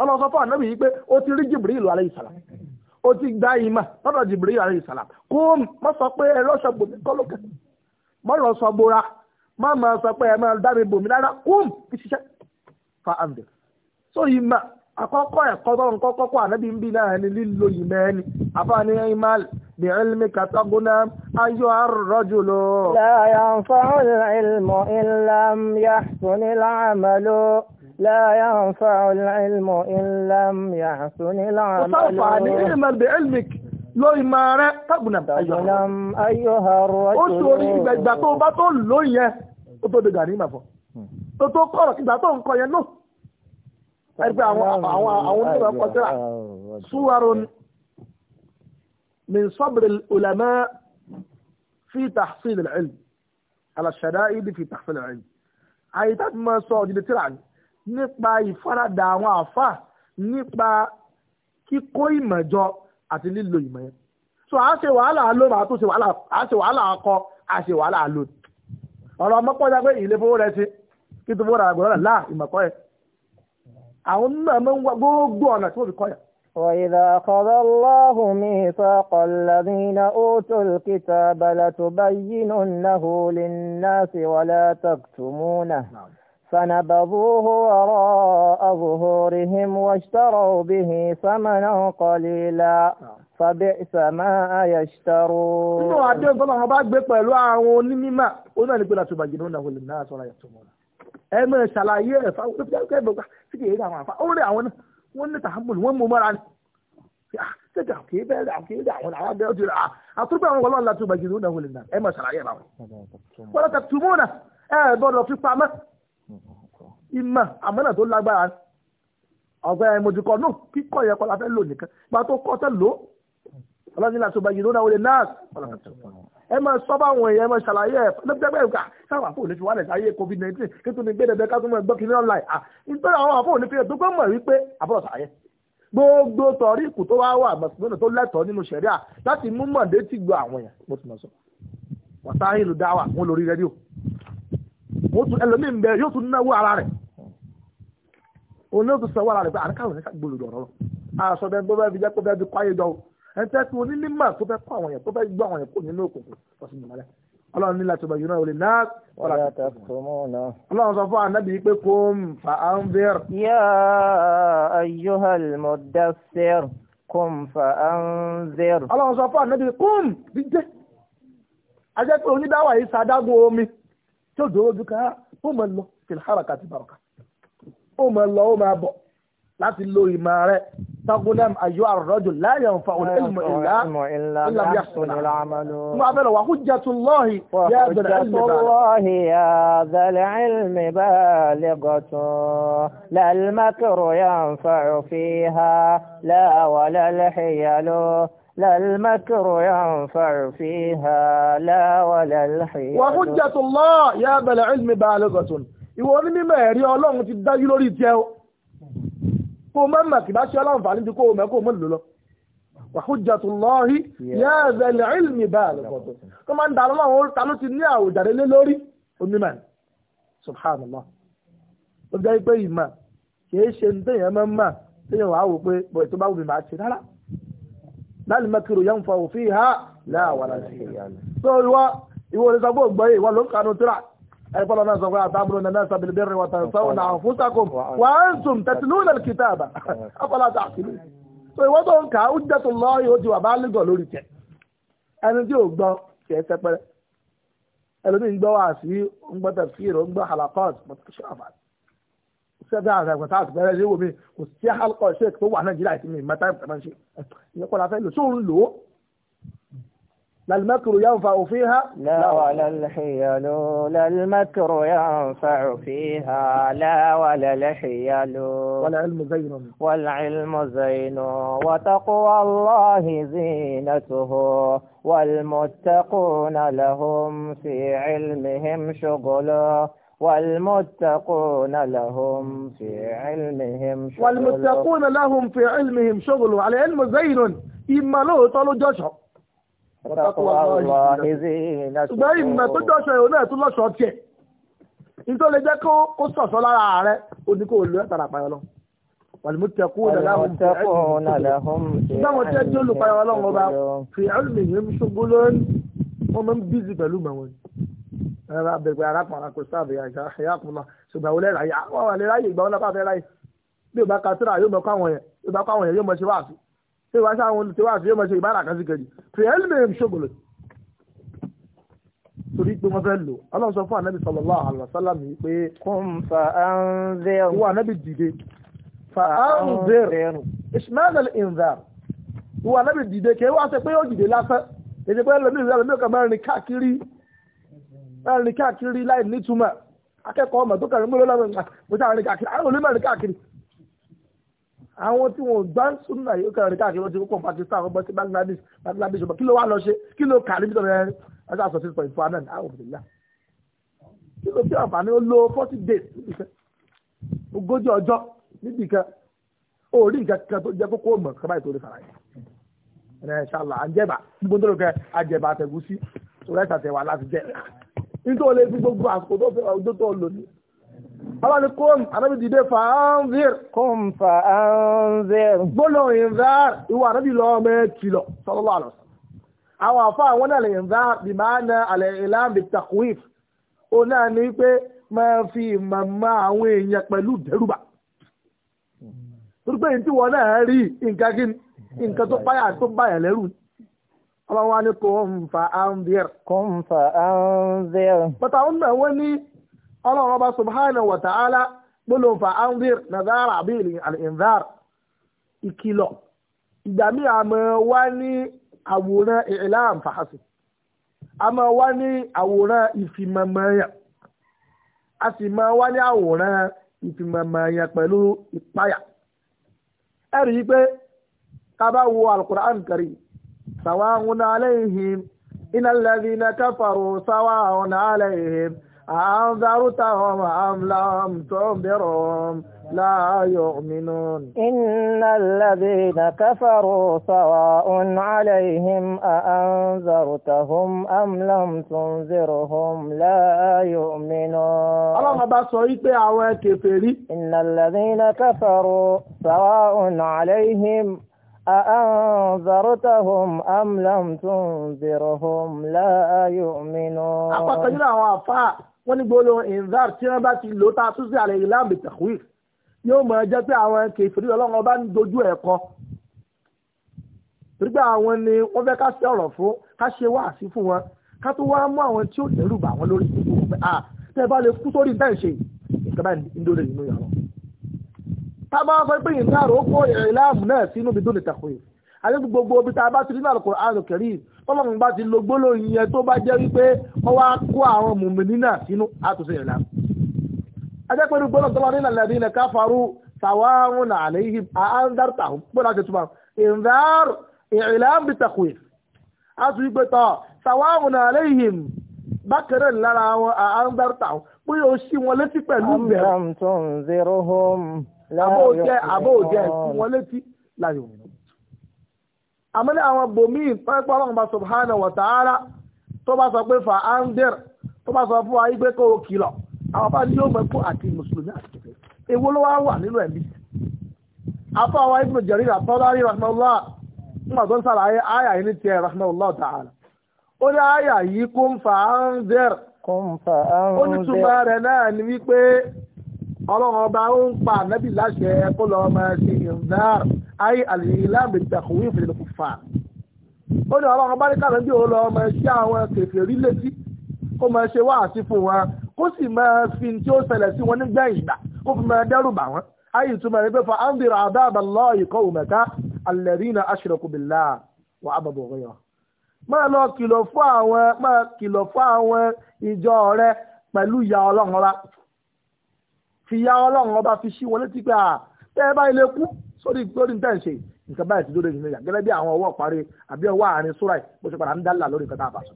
ọlọ́run sọ fún ànábì yìí pé ó ti rí Jibril alayhi salam ó ti gba ìmọ̀ lọ́dọ̀ Jibril alayhi salam kó má sọ pé ẹ̀rọ ṣọ̀gbọ̀n kọ́lọ́kẹ́ mọ́ lọ má máa sọ pé ẹ máa dá mi rárá kúm kí ṣiṣẹ́ fa àǹdẹ̀. so ìmọ̀ àkọ́kọ́ ẹ̀kọ́ tọ́run kọ́kọ́ kọ́ ànábì ń bí náà ẹni lílo ìmọ̀ ẹni àfáàní ìmọ̀ bí ẹlmi kàtàkùnà ayọ̀ àrọ́jù lọ. láyà ń fa ìlmọ̀ ìlàm yà sùn ìlàmàlò. لا ينفع العلم إن لم يحسن العمل وتنفعني اعمل بعلمك lórí máa rẹ tábùnà ayọ̀ ó sori ìgbà tó bá tó lò yẹn ó tó de gàrí mà fọ hmm. tó tó kọ̀rọ̀ ìgbà tó ń kọ yẹn náà ẹgbẹ́ àwọn àwọn àwọn onímọ̀ ọkọ̀ síra suwarun min sabr ulama fi tahsil al-ilm ala shada'id fi tahsil al-ilm àyè tá máa sọ òdìdí tíra nípa ìfaradà àwọn àfa nípa kíkó ìmọ̀ àti lílo ìmọ̀ yẹn so a ṣe wàhálà lónìí àtún ṣe wàhálà a ṣe wàhálà akọ a ṣe wàhálà lónìí ọ̀rọ̀ ọmọkọ́jà pé ìlé fowó rẹ ṣe kí tó fowó rà gbọ́dọ̀ láà ìmọ̀kọ́ yẹn àwọn náà máa ń wá gbogbo ọ̀nà tí wọ́n fi kọ́ yẹn. وإذا أخذ الله ميثاق الذين أوتوا الكتاب لتبيننه للناس ولا تكتمونه نعم. فنبذوه وراء ظهورهم واشتروا به ثمنا قليلا فبئس ما يشترون inú àdéhùn tó lọ́wọ́ bá gbé pẹ̀lú àwọn onímọ̀ ó náà ní pé láti bàjẹ́ lónà wọlé náà sọ́ra yàtọ̀ mọ́ ẹ mọ̀ ẹ ṣàlàyé ẹ̀ fáwọn tó fi jẹ́ ẹgbẹ̀gbà sí kìí rí àwọn àfa ó rí àwọn náà wọ́n ní tàhámùlù wọ́n mú mọ́ra ni ṣéjà ah, kìí bẹ́ẹ̀ rẹ̀ kìí rí àwọn ah, àwọn abẹ́ ojú rẹ̀ àtúrbẹ̀ àwọn wọlọ́ọ̀ láti bàjẹ́ lónà wọlé náà ẹ mọ̀ ṣàlàyé ẹ̀ báwọn. wọ́n lọ́ta tùmọ̀ náà ẹ gbọ́dọ̀ fi pamọ́ ìmọ̀ àmọ́nà tó lágbára ọ̀gá ẹ̀ mojúkọ náà kíkọ́ yẹ kọ́ la fẹ́ lò nìkan gba tó kọ́ tẹ́ lò ọlọ́run nílá ṣọba yìí ló náà wọlé náà ẹ máa sọ báwọn èèyàn ẹ máa ṣàlàyé ẹ lọ́gbẹ́gbẹ́ ìgbà sáwọn àfọ̀ òní fi wálẹ̀ sáyé covid nineteen kí tó ní gbẹ́dẹ̀gbẹ́ ká tó mọ̀ ẹgbọ́ kìnìún online à nítorí àwọn àfọ̀ òní fi ẹ̀ tó gbọ́ mọ̀ wípé àbúrò sàyẹ gbogbo tọ̀rí ìkù tó wá wà mọ̀sùlùmí tó lẹ́tọ̀ọ́ nínú ṣẹ̀ríà láti mú mọ̀dé tì gbọ́ àwọn èèyàn mo ti mọ̀ sọ wàsáyìn ló dá wà wọn lórí rédíò wọ́n tún ẹlòmí ń bẹ yóò tún náwó ara rẹ̀ òun náà tún sanwó ara rẹ̀ pé àríkàwọn ẹ̀ka gbòòrò ọ̀rọ̀ aṣọ bẹ́ẹ̀ bó bẹ́ẹ̀ fi jẹ́ pé bẹ́ẹ̀ fi kọ́ ayé jọ ẹni tẹ́ tí onímọ̀ tó fẹ́ kọ́ àwọn yẹn tó fẹ́ gbọ́ àwọn yẹn kó nínú òkùnkùn ọ̀sìn ìmọ̀lẹ́ ọlọ́run ní láti bàyìí náà olè náà ọ̀rọ̀ ọlọ́run sọ fún ànábì pé kó ń fa anzir. yá ayyuhal mudassir kó ń fa anzir. ọlọ́run sọ fún ànábì kó ń díje ajẹ́ pé onídàáwà yìí sadágún omi tí ó dòwó ojú kan ó máa lọ fìlháraka àti bàrọ̀kà ó máa lọ ó máa bọ̀ láti lo ìmọ̀ rẹ̀ tagunam ayọ́ àrọ́jù láyé ọ̀fà olùmọ̀ ìlà ìlàmì àṣọ̀nà. Mo abẹ́rẹ̀ wà hujjatullahi yá zẹ̀lẹ̀ ilmi balighatun lal makru yanfa'u fiha la wala al hiyalu. لا المكر ينفع فيها لا ولا الحيل وحجة الله يا بل علم بالغة ìwọ ní mímọ̀ ẹ̀rí ọlọ́run ti dájú lórí tí ẹ o kó mọ́ mọ̀ kì bá ṣe ọlọ́run fàánì tí kó o mẹ́kó mọ́ lò lọ wàhújàtúlọ́rí yẹ́ẹ̀zẹ̀lẹ̀ ìlmì bá àlùkọ̀tọ̀ tó máa ń dàrú láwọn orúta ló ti ní àwòjàre lé lórí onímọ̀ subhanallah ó jẹ́ pé ìmọ̀ kìí ṣe ní téèyàn máa ń mọ̀ téèyàn wàá wò pé bọ̀ ètò bá wù mí máa ṣe rárá bal makru yanfa'u fiha la wala sihiyan so ìwọ ìwọ le sagbo gbọ́ ìwọ ló kanu tírà ay fọlọ náà sọ pé àtàbùrù náà sábì lè bẹ̀rẹ̀ wàtà sáwọn àfúsàkùn wà á ń sùn tẹ̀tìlú náà kìtàbà afọlá tààkìlú so ìwọ tó ń kà ó jẹ́ tó lọ yóò ti wà bá lẹ́gọ̀ lórí tẹ̀ ẹni tí ò gbọ́ kì í sẹpẹrẹ ẹlòmíì ń gbọ́ wá sí ń gbọ́ tafsir ń gbọ́ halakọ́t mọ̀tàkì ṣáfàt sẹ́fẹ́ àgbà tá a ti bẹ̀rẹ̀ léwo mi kò sí àkọ́ ṣe tó wà nàìjíríà ti mi ìmọ̀ táyà tó máa ń ṣe ìyẹn للمكر ينفع فيها لا ولا الحيل لا المكر ينفع فيها لا ولا الحيل والعلم زين والعلم زين وتقوى الله زينته والمتقون لهم في علمهم شغله والمتقون لهم في علمهم شغل والمتقون لهم في علمهم شغل على علم زين إما له طلو جشع وتقوى الله زينة ṣùgbọ́n ìmọ̀ tó jọ́ṣọ́ ìhòòhùn náà tún lọ́ṣọ́ tiẹ̀ nítorí lè jẹ́ kó sọ̀sọ́ lára rẹ̀ ó ní kó lè tara payọ́ lọ. والمتقون لهم في علمهم táwọn tẹ́jú olùpayọ́ ọlọ́run ọba في علمهم شغل wọ́n máa ń bízì pẹ̀lú màwọn ara abẹ́gbẹ́ arákùnrin kò sáàbẹ̀ àyà kùnà ṣùgbọ́n àwọn ẹ̀ráyè àwọn ẹ̀ráyè ìgbà wọn lápá fẹ́ ráyè bí o bá ka tíra yóò mọ kó àwọn yẹn yóò bá kó àwọn yẹn yóò mọ ṣe wáàsí tí wàá ṣe àwọn olùtẹ́wàsí yóò mọ ṣe ìbára kan sí kejì fìyẹ́lì mẹ́rin ṣògbòlò torí pé wọ́n fẹ́ lò ọlọ́run sọ fún ànábì sallallahu alaihi wasallam yìí pé kún fa anzir wọ́n ànábì dìde fa anzir ishmael inzar wọ́n ànábì dìde kí wọ́n á sọ pé ó dìde lásán èdè pé lómi ìlú àlọ́ mi ò kà mẹ́rin káàkiri láàrin rìn káàkiri láì nítumọ̀ akẹ́kọ̀ọ́ ọmọ tó kẹrin múlò lọ́wọ́ mo sáà rìn káàkiri àwọn olùmọ̀ rìn káàkiri. àwọn tí wọn gbá súnà yóò kẹrin rìn káàkiri wọn ti kó Pakistan ọgbọ sí Bangladesh Bangladesh ọgbọ kí ló wá lọ ṣe kí ló kà níbi tó rẹ ẹsẹ àṣọ six point four nine àwọn òbílẹ̀ kí ló fi àǹfààní ó lo forty days níbi kan ogójì ọjọ́ níbi kan orí nǹkan kan tó jẹ́ kókó mọ̀ kábàá ìtòrí fara yẹn ẹ̀ ṣàlà àjẹbà gbogbo tó kẹ àjẹbà àtẹ̀gúsí rẹ̀ tàtẹ̀wà láti jẹ́ nítorí olè fi gbogbo àsìkò tó fẹ́ ọjọ́ tó lò ní. Àwọn ni kóm, ànábì dìde fàánzìr. Kóm fàánzìr. Gbọ́dọ̀ ìnzáàr, ìwà ànábì lọ mẹ́ kìlọ̀, sallallahu alaihi wasallam. Àwọn àfa àwọn náà lè ìnzáàr bí máa na àlẹ́ ìlànà takwif. Ó náà ní pé máa fi màmá àwọn èèyàn pẹ̀lú dẹ́rùbà. Torí pé ìtìwọ́ náà rí nǹkan kí nǹkan tó báyà tó báyà lẹ́rù ni ọlọ́wọ́ ní kò ń fa anzir. kò ń fa anzir. bàtà àwọn náà wọ́n ní ọlọ́wọ́ bá subhanahu wa ta'ala gbọ́dọ̀ fa anzir nazara abil al-inzar ìkìlọ̀ ìgbà míì àmọ́ wá ní àwòrán ìlàm fàásì àmọ́ wá ní àwòrán ìfìmọ̀mọ̀yàn a sì máa wá ní àwòrán ìfìmọ̀mọ̀yàn pẹ̀lú ìpayà ẹ̀rí pé ká wo al-Qur'an سواء عليهم إن الذين كفروا سواء عليهم أأنذرتهم أم لم تنذرهم لا يؤمنون إن الذين كفروا سواء عليهم أأنذرتهم أم لم تنذرهم لا يؤمنون الله ما سويت أواك فري إن الذين كفروا سواء عليهم أأنذرتهم أم لم تنذرهم لا يؤمنون أقول تجد أنه أفاء ونقولوا إنذار تنبا تلو تعطوزي على إعلام بالتخويف يوم جاءت àwọn kèfèrí ọlọ́run ọba ń dojú ẹ̀ kọ torí pé àwọn ni wọ́n fẹ́ ká ṣe ọ̀rọ̀ fún ká ṣe wáàsí fún wọn ká tó wá mú àwọn tí ó dẹ̀rù bà wọ́n lórí ìdíje wọn pé à tẹ́ ẹ bá lè kú sórí ìdáǹṣe ìjọba ìdóre nínú yàrá tábà sọ pé yìí sáà rò ìlàmù náà sínú bídó lè tàkùn àti gbogbo ibi tá a bá ti rí nínú Al-Qur'an Al-Karim bá ti lo gbólóhùn yẹn tó bá jẹ́ wípé wọ́n wá kó àwọn mùmìnì náà sínú àtúnṣe ìlàmù. ajẹ́ pé gbólóhùn tọ́lọ́ nínú àlẹ́ ìlẹ̀ káfàrú sàwárùn àlẹ́yìn àándáàtàhùn gbọ́dọ̀ àti bákẹ́rẹ́ lára àwọn àándáàtàhùn pé ó ṣí wọn létí pẹ̀lú bẹ̀rẹ̀ àbóòjẹ́ àbóòjẹ́ wọn létí láyò àmọ́ ní àwọn bòmíì pẹ́pẹ́ ọlọ́run bá subhanahu wa ta'ala tó bá sọ pé fa andir tó bá sọ fún wa igbe àwọn bá ní yóò àti mùsùlùmí àti kẹfẹ́ èwo ló wá wà afọ àwọn ibùdó yìí ní tiẹ̀ ta'ala ó ní yìí kún fa andir kún fa andir ó ní túmọ̀ rẹ̀ ọlọ́run ọba ó ń pa ànábì láṣẹ kó lọ ọmọ ẹsẹ̀ ìrìndáàr ayé àlèyìnláàmì ìtàkùnwé ìfìlẹ̀ kò fà ó ní ọlọ́run ọba ní kànábì ó lọ ọmọ ẹsẹ̀ àwọn kèfèrí létí kó máa ṣe wá àti fún wọn kó sì máa fi tí ó ṣẹlẹ̀ sí wọn nígbà ìgbà kó fi máa dẹ́rù bà wọ́n ayé ìtumọ̀ rẹ̀ pé fa andira adaba Allahi qaumaka alladhina ashraku billah wa ababu ghayra máa lọ kìlọ̀ fún àwọn máa kìlọ̀ fún àwọn ìjọ rẹ pẹ̀lú ìyà ọlọ́run fìyà ọlọ́run ọba fi ṣí wọlé tipẹ́ à tẹ́ ẹ bá ilé kú sórí lórí nǹkan ṣe nǹkan báyìí ti lórí ìṣẹ̀lẹ̀ gẹ́gẹ́ bí àwọn ọwọ́ parí àbí ọwọ́ àárín sóra bó ṣe padà ń dálà lórí nǹkan tá a bá sọ.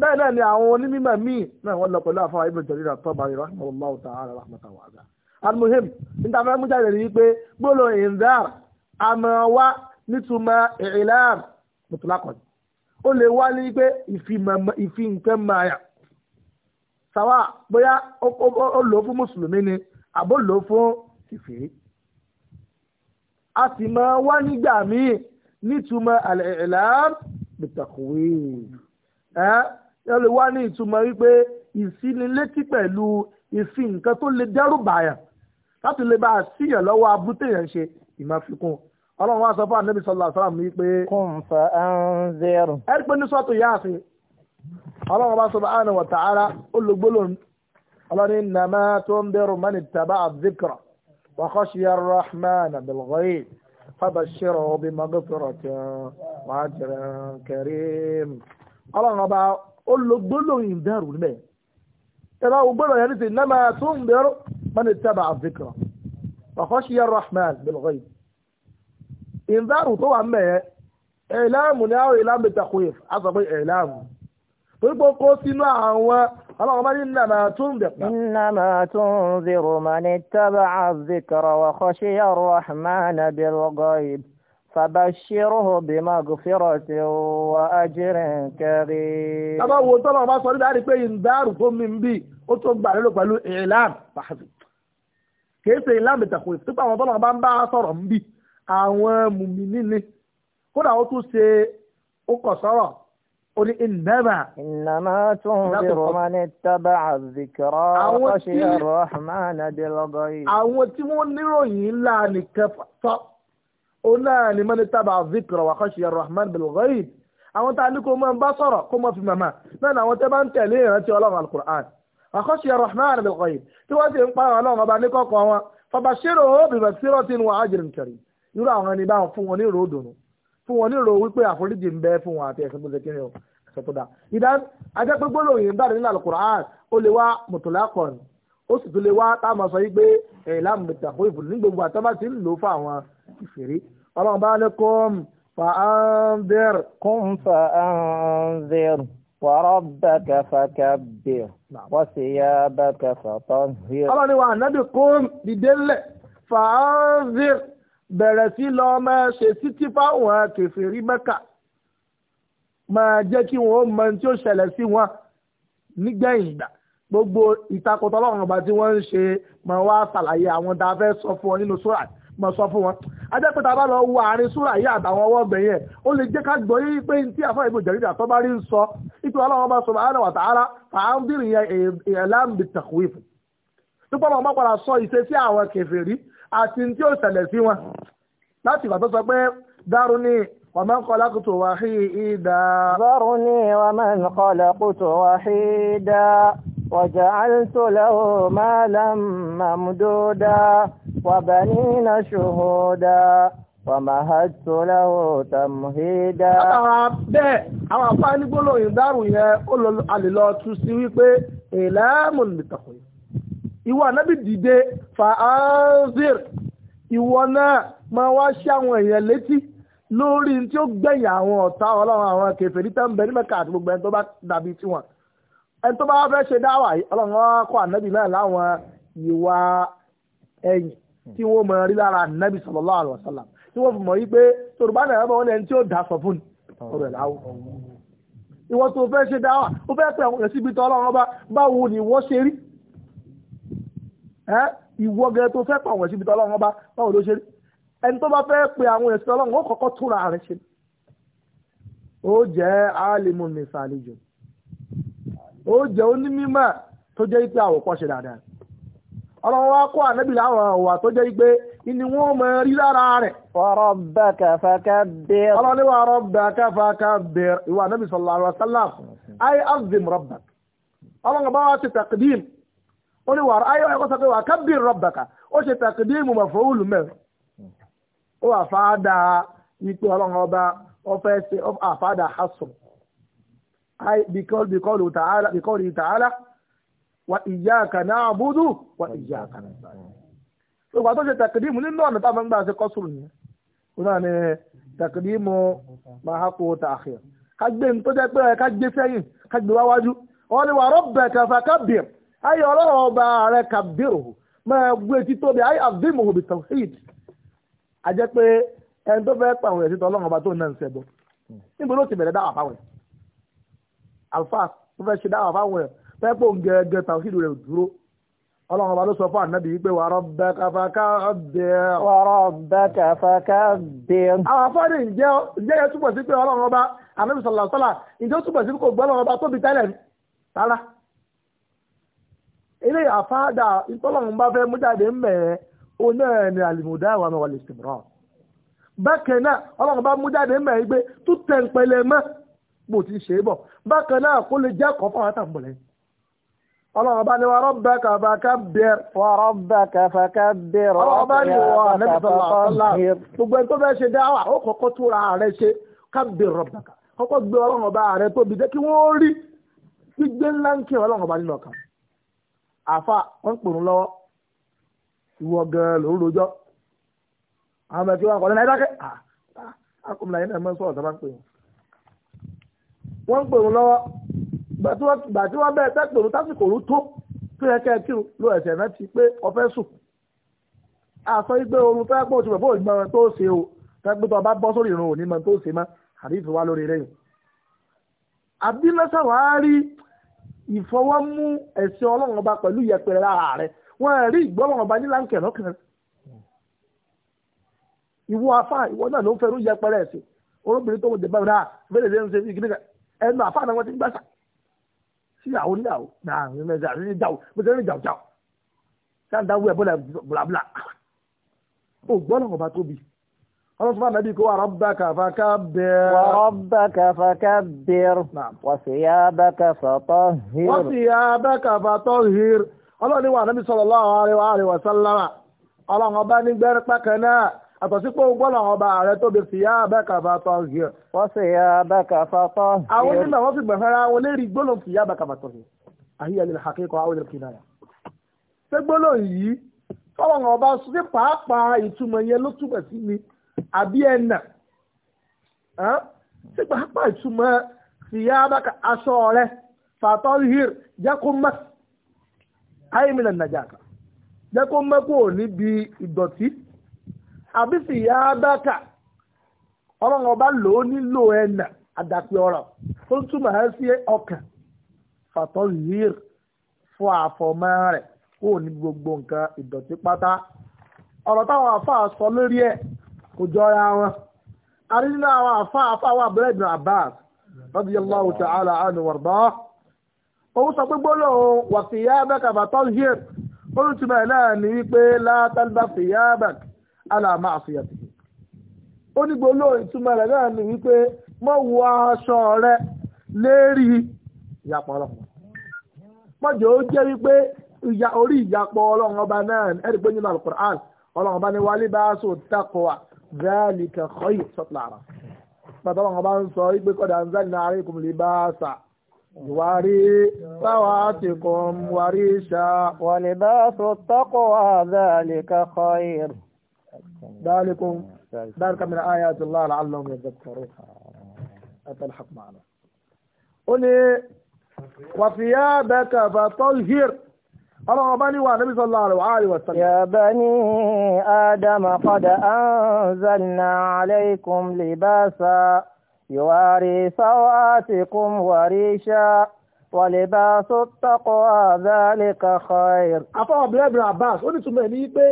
bẹ́ẹ̀ náà ni àwọn onímọ̀ míì náà wọ́n lọ pẹ̀lú àfọwọ́ ibùdó ìrìn àtọ́ bá irọ́ Allah ta'ala rahmatan wasi'a. almuhim níta fẹ́ mú sàwa bóyá ó lò ó fún mùsùlùmí ni àbó lò ó fún kìfìrí. a sì máa wá nígbà míì nítumọ̀ al-i'lam bit-takhwif ẹ́ ẹ lè wá ní ìtumọ̀ wípé ìsínilétí pẹ̀lú ìfi nǹkan tó lè dẹ́rù bàyàn láti lè bá a síyàn lọ́wọ́ abútéyàn ṣe ìmọ̀fikún ọlọ́run wá sọ fún anabi sallallahu alaihi wasallam wípé. kùn fa anzir. ẹ pé ní sọ́tò yáàfin ọlọ́run bá subhanahu wa ta'ala olùgbòlò ọlọ́ni nàmá tó ń bẹ̀rù mani tàbá àdìkọ̀rọ̀ wa khashiya ar-rahman bil-ghayb fabashshirhu bi maghfiratin wa ajrin karim ọlọ́run bá olùgbòlò ìbẹ̀rù mẹ́ ẹ̀rọ ògbòlò yẹn ti nàmá tó ń bẹ̀rù mani tàbá àdìkọ̀rọ̀ wa rahman bil-ghayb tó wà mẹ́ ẹ̀ ìlàmù ni àwọn ìlàmù tàkùyẹ̀ torípò kó sínú àwọn ọlọ́run bá ní nàmà tó ń bẹ̀ pa. nàmà tó ń zèrò mà ní tábà àzìkọrọ wà kọ́ṣẹ́ yàrá rahman abilọ́gọ́ ibi fàbàṣíròhò bí máa gòfèrò tí wà á jẹ́rẹ̀ kẹrì. tábà wo tọ́lọ̀ bá sọ nígbà rí pé ìdáàrú tó mi ń ó tó gbà lélò pẹ̀lú ìlànà pàṣẹ. kìí ṣe ìlànà ìtàkùn ìfipá àwọn tọ́lọ̀ bá ń bá sọ̀rọ̀ ń bì àwọn mùmí níní kódà ó tún ṣe ó kọ̀ sọ̀rọ̀ ó ní ìnáma. ìnáma tún bí romani tábà àzìkìrọ ọṣẹ rahman adelọgọyì. àwọn tí wọ́n níròyìn ńlá nìkan tọ́ ó náà ní mọ́ni tábà àzìkìrọ wà kọ́ṣẹ́ rahman adelọgọyì. àwọn tá a ní kó máa bá sọ̀rọ̀ kó máa fi màmá náà ni àwọn tẹ́ bá ń tẹ̀lé ìrántí ọlọ́run alukur'an wà kọ́ṣẹ́ rahman adelọgọyì tí wọ́n sì ń pa ọlọ́run ọba ní kọ́kọ́ wọn fọbàṣẹ́rò ó bìbẹ̀ sírọ́tì ní wàá jìrìǹkẹ̀rì irú àwọn ẹni báwọn fún wọn ní ìròdùnú fún wọn nírò wípé àforíjì ń bẹ fún wọn àti ẹ̀sìn gbọ́dọ̀ kiri o ẹ̀sìn tó dáa ìdá ajẹ́pẹ́gbọ́ lòyìn bá nínú alukur'an ó lè wá mutulakon ó sì tún lè wá táwọn sọ yí pé ẹ̀ lámùtà kó ìbùdó ní gbogbo àtọ́mọ́ ti ń lò fún àwọn ìfèrè ọlọ́run bá ní kóm fa'anzir. kóm fa'anzir wàrọ̀bẹ̀kẹ fàkẹ́bìr wọ́síyàbẹ̀kẹ fàtọ́hìr. ọlọ́run wa ànábì kóm dìde bẹ̀rẹ̀ sí lọ máa ṣe títí fáwọn kèfèrí mẹ́kà máa jẹ́ kí wọ́n mọ ohun tí ó ṣẹlẹ̀ sí wọn nígbẹ̀yìn ìgbà gbogbo ìtakùtọ̀ ọlọ́run ọba tí wọ́n ń ṣe máa wá ṣàlàyé àwọn tá a fẹ́ sọ fún ọ nínú sóra máa sọ fún wọn ajẹ́pẹ̀tà bá lọ wo àárín súrà yìí àtàwọn ọwọ́ ọgbẹ̀ yẹn ó lè jẹ́ ká gbọ́ yí pé tí àfọ́ ìbò jẹ̀rídà àti tí ó ṣẹlẹ̀ sí wọn láti ìgbà tó sọ pé dárú ní ومن خلقت وحيدا ذرني ومن خلقت وحيدا وجعلت له مالا ممدودا وبنين شهودا ومهدت له تمهيدا bẹ́ẹ̀ àwọn afáàní gbólóhùn dárò yẹn ó lọ àlè lọ tú sí wípé èèlà mọ̀lùmítàkùn ìwọ ànábì dìde fàánzìr ìwọ náà máa wá ṣe àwọn èèyàn létí lórí tí ó gbẹ̀yìn àwọn ọ̀tá ọlọ́run àwọn kèfèrí tó ń bẹ ní Mẹ́kà àti gbogbo ẹni tó bá dàbí tiwọn ẹni tó bá wá fẹ́ ṣe dáwà ọlọ́run wọn kọ́ ànábì náà láwọn ìwà ẹ̀yìn tí wọ́n mọ̀ rí lára ànábì sallallahu alaihi wasallam tí wọ́n fi mọ̀ wípé Yorùbá náà bọ̀ wọ́n ẹni tí ó dà sọ fún ọ̀rẹ́ láwọ̀ ìwọ tó fẹ́ ṣe dáwà ìwọ gẹ́gẹ́ tó fẹ́ pàwọn ẹ̀sìn ibi tọ́lọ́run ọba báwo ló ṣe rí ẹni tó bá fẹ́ pe àwọn ẹ̀sìn ọlọ́run ó kọ́kọ́ túra rẹ̀ ṣe ó jẹ́ alimu misalijo ó jẹ́ onímọ̀ tó jẹ́ pé àwòkọ́ṣe dáadáa ọlọ́run wá kó ànábì láwọn ọ̀wà tó jẹ́ pé ni wọ́n mọ̀ rí lára rẹ̀. rabbaka fakabbir. ọlọ́run ní wa rabbaka fakabbir ìwà ànábì sallallahu alaihi wasallam ayé azim rabbak ọlọ́run bá wá ti taqdim ó ní wàrà ayé ọkọ sọ pé wà kábíyìn rọ̀bàkà ó ṣe tàkìdí ìmù mọ̀fọ́wùlù mẹ́rin ó wà fáadà ipe ọlọ́run ọba ọfẹ́ ṣe àfáadà hasun bíkọ́lù tààlà wà iyyaka na'budu wà iyyaka nasta'in. ìgbà tó ṣe tàkìdí ìmù nínú ọ̀nà táwọn gbà ṣe kọ́sùrù yẹn ó náà ní tàkìdí ìmù máa hapò ta'khir ká gbé ní tó jẹ́ pé ká gbé sẹ́yìn ká gbé wáwájú ó ní wà rabbaka fakabbir ayi ọlọ́run ọba rẹ̀ máa gbé pé ẹni tó fẹ́ pàwọn ẹ̀sìn ọba tó náà ń ṣẹbọ níbo ló ti bẹ̀rẹ̀ dáwà fáwọn ẹ̀ alfa tó fẹ́ ṣe dáwà fáwọn ẹ̀ fẹ́ rẹ̀ dúró ọlọ́run ọba ló sọ fún ànábì yìí pé wà rabbaka fakabbir. àwọn afọ́nì ǹjẹ́ ǹjẹ́ yẹn ọba ilé àfáàdà ìtọ́lọ́run bá fẹ́ mú jáde ń bẹ̀ẹ́ oná ẹni àlìmọ̀dá àwọn ọmọ wàlẹ̀ ìsìnkú bákan náà ọlọ́run bá mú jáde ń bẹ̀ẹ́ gbé tó tẹ̀ ń pẹlẹ mọ́ bó ti ṣe é bọ̀ bákan náà kó lè jẹ́ kọ́ fáwọn àtàǹbọ̀lẹ́ ọlọ́run bá ní wa rabbaka fakabbir. wa rabbaka fakabbir. ọlọ́run bá ní wa ọlọ́run bá rẹ̀ tóbi jẹ́ àfa wọn pòrún lọ́wọ́ ìwọ gan ló ń rojọ́ àwọn ọmọ ẹgbẹ́ wọn kọ́ lẹ́nu ẹ̀dákẹ́ àkùnrin àyẹ̀nà mọ́ sọ̀rọ̀ tó bá ń pè wọn. wọ́n ń pòrún lọ́wọ́ gbà tí wọ́n bẹ̀rẹ̀ tẹ́ pòrún tásìkò òru tó tó yẹ kẹ́ kí ló ẹ̀sẹ̀ náà ti pé ọfẹ́ sùn. àsọ igbe oorun tó yẹ pé òtún bẹ̀fọ́ ìgbọ̀n tó ṣe o tẹ́gbẹ́ tó bá bọ́ sórí ìrun òní mọ́ tó ṣe mọ́ àbí lọ́sàn ìfọwọ́mú ẹ̀sìn ọlọ́run ọba pẹ̀lú ìyẹpẹrẹ lára rẹ wọn rí ìgbọ́ràn ọba nílá ńkẹ̀ lọ́kàn ìwọ afá ìwọ náà ló ń fẹ́rú ìyẹpẹrẹ ẹ̀sìn olóbìnrin tó ń dè báyìí náà bẹ́ẹ̀ lè ń ṣe ìgbìnnìkà ẹnu afá náà wọ́n ti ń gbàṣà síyàwó níyàwó náà ní mẹ́ta àti ìjàwó mo ti rí ìjàwó jáwó sáà ń dáwó ẹ̀ bọ́lá bùlàbùlà ọlọ́run tó bá nàbí kó wà rabbaka fakabbir. wà rabbaka fakabbir. wa thiyabaka fatahhir. wa thiyabaka fatahhir. ọlọ́run ni wà nàbí sallallahu alaihi wa sallama. ọlọ́run ọba ní gbẹ́rẹ́ pẹ́kẹ́ náà àtọ̀sípò gbọ́dọ̀ ọba ààrẹ tó bẹ sí yá bẹ́ẹ̀ kàfà tọ́ hìr. wọ́n sì yá bẹ́ẹ̀ kàfà tọ́ hìr. àwọn onímọ̀ wọ́n sì gbẹ̀fẹ́ra wọn lérí gbólóhùn ọba sí pàápàá ìtumọ̀ yẹn ló túbọ̀ sí mi àbí ẹ̀nà ṣé pàápàá ìtumọ̀ siyabaka aṣọ rẹ fatọ́hìr jẹ́ kó mọ́ àìmìnà nàjàkà jẹ́ kó mọ́ siyabaka ọlọ́run ọba lò ó nílò ẹ̀nà àdàpẹ̀ ọ̀rọ̀ tó ń túmọ̀ ẹ́ sí ọkàn fún àfọ̀mọ́ rẹ̀ kó ní gbogbo nǹkan ìdọ̀tí pátá ọ̀rọ̀ táwọn sọ lórí ẹ̀ kò jọra wọn a rí nínú àwọn àfá àfá wà Abdullah ibn Abbas radiyallahu ta'ala anhu warda òun sọ pé gbólò wà thiyabaka fatahhir olùtúmọ̀ náà ní wípé la talbas thiyabaka ala ma'siyatihi ó ní gbólò ìtumọ̀ rẹ̀ náà ní wípé mọ́ wọ aṣọ rẹ̀ lérí ìyàpọ̀ ọlọ́run mọ́jọ́ ó jẹ́ wípé orí ìyàpọ̀ ọlọ́run ọba náà ẹ̀rí pé nínú Al-Qur'an ọlọ́run ọba ní wálé bá aṣọ taqwa ذلك خير sọ́tìlà ara pàtàkì wọn bá ń sọ wípé kọ́dà ń zálì náà àárẹ̀ kùmùlẹ̀ bá a sà wàrí sáwà ti kùn wàrí ṣá. wàlẹ̀ bá a sọ tọ́kọ̀ wà ذلك خير. ذلكم ذلك من آيات الله لعلهم يذكرون أتلحق معنا. ó ní wàfíyá bẹ́ẹ̀ kàfà tọ́lhìr ọlọ́run ọba ní wà níbi sọ́lá rẹ̀ wà rí wọ̀sán. Ya bani Adama qad anzalna alaykum libasa yuwari sawatikum wa risha wa libasu taqwa dhalika khair. Afọ́ ọ̀bẹ̀rẹ̀ Abbas, ó ní túnbẹ̀ ní pé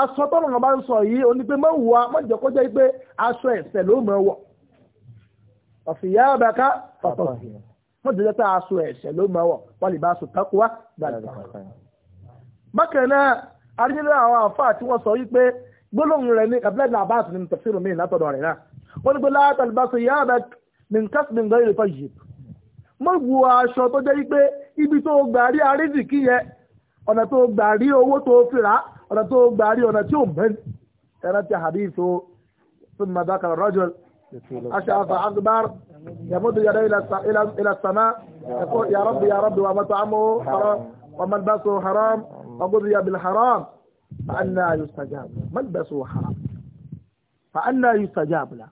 aṣọ tọ́lọ̀ náà ń sọ yìí, ó ní pé mọ́ wà kó jẹ́ pé aṣọ ẹ̀sẹ̀ ló mọ̀ wọ̀. Ọ̀fìyà bàkà pàtàkì wọ́n ti jẹ́ta aṣọ ẹ̀ṣẹ̀ ló máa wọ̀ wọ́n lè bá aṣọ takuwa gbàgbà. bákan náà arígbélé àwọn àfáà tí wọ́n sọ wípé gbólóhùn rẹ̀ ní abdullahi abbas ní tafsir mi látọ̀dọ̀ rẹ̀ náà wọ́n ní pé láàtà ìbáṣọ ìyá àbẹ min kasbin ghayri tayyib. mo wu aṣọ tó jẹ́ wípé ibi tó gbà rí arísìkí yẹn ọ̀nà tó gbà rí owó tó fi rà ọ̀nà tó gbà rí ọ̀nà tí ò أشعف أكبر يمد يديه إلى إلى السماء يقول يا رب يا رب ومطعمه حرام وملبسه حرام وغذي بالحرام فأنا يستجاب ملبسه حرام فأنا يستجاب له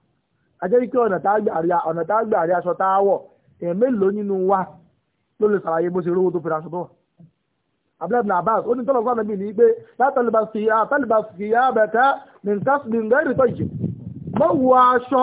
ajẹ́rí pé ọ̀nà tá a gbà rí aṣọ tá a wọ̀ èèyàn mélòó nínú wa ló lè ṣàlàyé bó ṣe rówó tó fi aṣọ tó wọ̀. abdulhamid abbas ó ní tọ́lọ̀ fún àmì ní pé látàlùbà sí àbẹ̀ká nìkan sí nǹkan ìrìtọ́ yìí mọ́ wọ aṣọ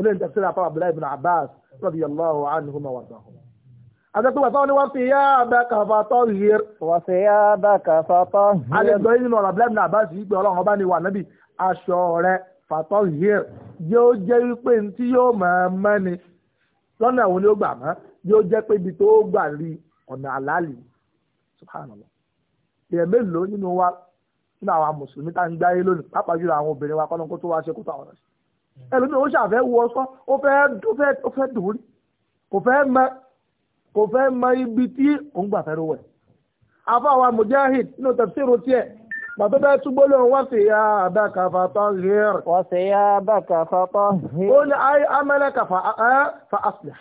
eléyìí tafsir afa abdullahi ibn abbas radiyallahu anhuma wa rahmatulah. Adékun bàtà wọn ni wọ́n fi yá abẹ́ka fatọ́ yìír. Wọ́n fi yá abẹ́ka fatọ́ yìír. Alẹ́gbẹ́ yìí nínú ọ̀rọ̀ abdullahi ibn abbas yìí pé ọlọ́run ọba ni wà nábì aṣọ rẹ fatọ́ yìír. Yóò jẹ́ wípé ntí yóò máa mẹ́ni lọ́nà àwọn ni ó gbà mọ́ yóò jẹ́ pé ibi tó gbà rí ọ̀nà àlàálì subhanallah. lónìí pàápàá wá ṣe àwọn ẹlòmíì ó ṣàfẹ́ wọ ọsán ó fẹ́ dùn rí kò fẹ́ mọ kò fẹ́ mọ ibi tí òun gbà fẹ́ràn wẹ̀. afáwa mujahid nínú tafsiru tiẹ̀ bàtọ́ bẹ́ẹ̀ túbọ̀ lóun wá sí ya abẹ́ka fatọ́ hìr. wọ́n sì ya abẹ́ka fatọ́ hìr. ó ní ayé amẹ́lẹ́ka fa aslẹ̀.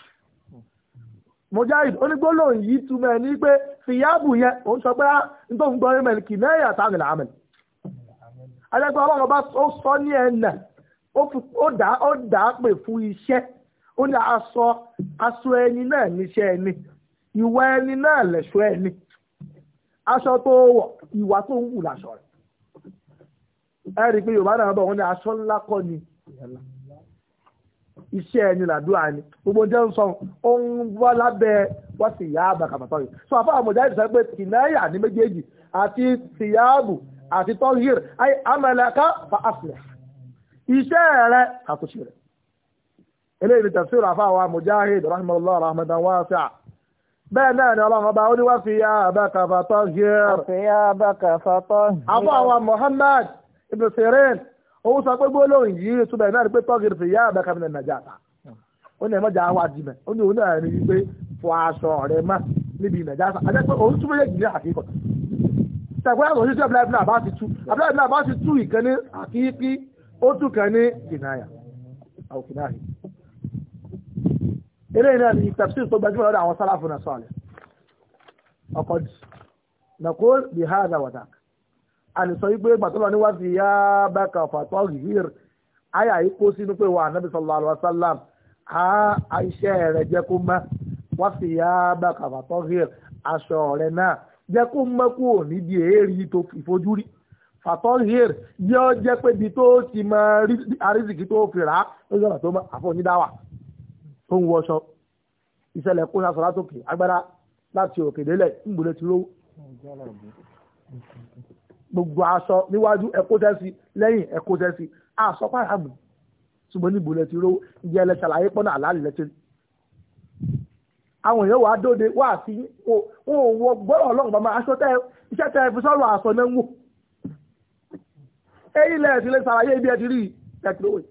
mujahid onígbólóhùn yìí túmọ̀ ẹ̀ ní pé fìyàbù yẹn òun sọ pé ah, nítorí gbọ́n mẹ́rin kì náà yà sáà nílà amẹ́lẹ́. alẹ́ pé ọlọ́run bá sọ ní ẹ̀ náà. ó dá ó dá pè fún iṣẹ́ ó ní aṣọ aṣọ ẹni náà níṣẹ́ ẹni ìwà ẹni náà lẹ̀ṣọ́ ẹni aṣọ tó wọ̀ ìwà tó ń wù láṣọ rẹ̀ ẹ rí i pé yorùbá náà bọ̀ wọ́n ní aṣọ ńlá kọ́ ni iṣẹ́ ẹni làdúrà ni gbogbo jẹ́ ń sọ ohun wá lábẹ́ wọ́n sì yá àbàkàbàtọ́ yìí sọ àfáà pé ní méjèèjì àti tìyáàbù àti tọ́hìr àmàlẹ́ká fa iṣẹ́ rẹ̀ àtúnṣe rẹ̀ eléyìí ni mujahid rahimahullah rahmatan wasi'a bẹ́ẹ̀ náà ni ọlọ́run ọba ó fi ya abaka fatahir fi ya abaka fatahir àfáwà muhammad ibn sirin òun sọ pé gbólóhùn yìí túbẹ̀ náà ni pé tọ́gìr fi ya abaka min najata ó ní ẹ̀mọ́jà wà dìmẹ̀ ó ní òun náà ni pé fọ aṣọ rẹ̀ mọ́ níbi najata àti pé òun túbọ̀ ó tún kàn ní kìnnáyà àwọn kìnnáyà eléyìí náà ni tafsir tó gbajúmọ̀ lọ́dọ̀ àwọn sálàfù náà sọ̀rọ̀ ọkọ̀ jù nàkóòl bí ha àdá wàdà àlùsọ yìí pé gbàtọ́lọ́ ní wá fi yá bá ka fàtọ́ rìhìr àyà yìí sínú pé wà ànábì sallallahu alaihi wasallam á iṣẹ́ rẹ̀ jẹ́ kó mọ́ wá fi bá ka fàtọ́ rìhìr aṣọ rẹ̀ náà jẹ́ kó mọ́ kúrò níbi èérí tó ìfojú fàtọ́hìr yẹ ọ jẹ́ pé ibi tó ti mọ àrísìkí tó fi rà á ó yọ̀nà tó mọ àfọ̀nyídáwà tó ń wọṣọ ìṣẹ̀lẹ̀ kó sasọ̀ látòkè agbára láti òkè délẹ̀ ńgbòlẹ̀ ti rówó gbogbo aṣọ níwájú ẹ̀kọ́ tẹ́sí lẹ́yìn ẹ̀kọ́ tẹ́sí aṣọ pàràmù ṣùgbọ́n níbo lẹ ti rówó ìjẹ́ ẹlẹ́ ṣàlàyé pọ́nà àlàálì lẹ́tẹ́ àwọn èèyàn wà á dóde wà á sí wọn ò wọ gbọ́dọ̀ ọlọ́run bàbá aṣọ tẹ́ iṣẹ́ tẹ́ fi sọ́rọ̀ aṣọ náà ń wò ẹ̀yìn lẹ́ẹ̀sì lè ṣàlàyé ibi ẹ̀ ti rí tẹ̀kílówè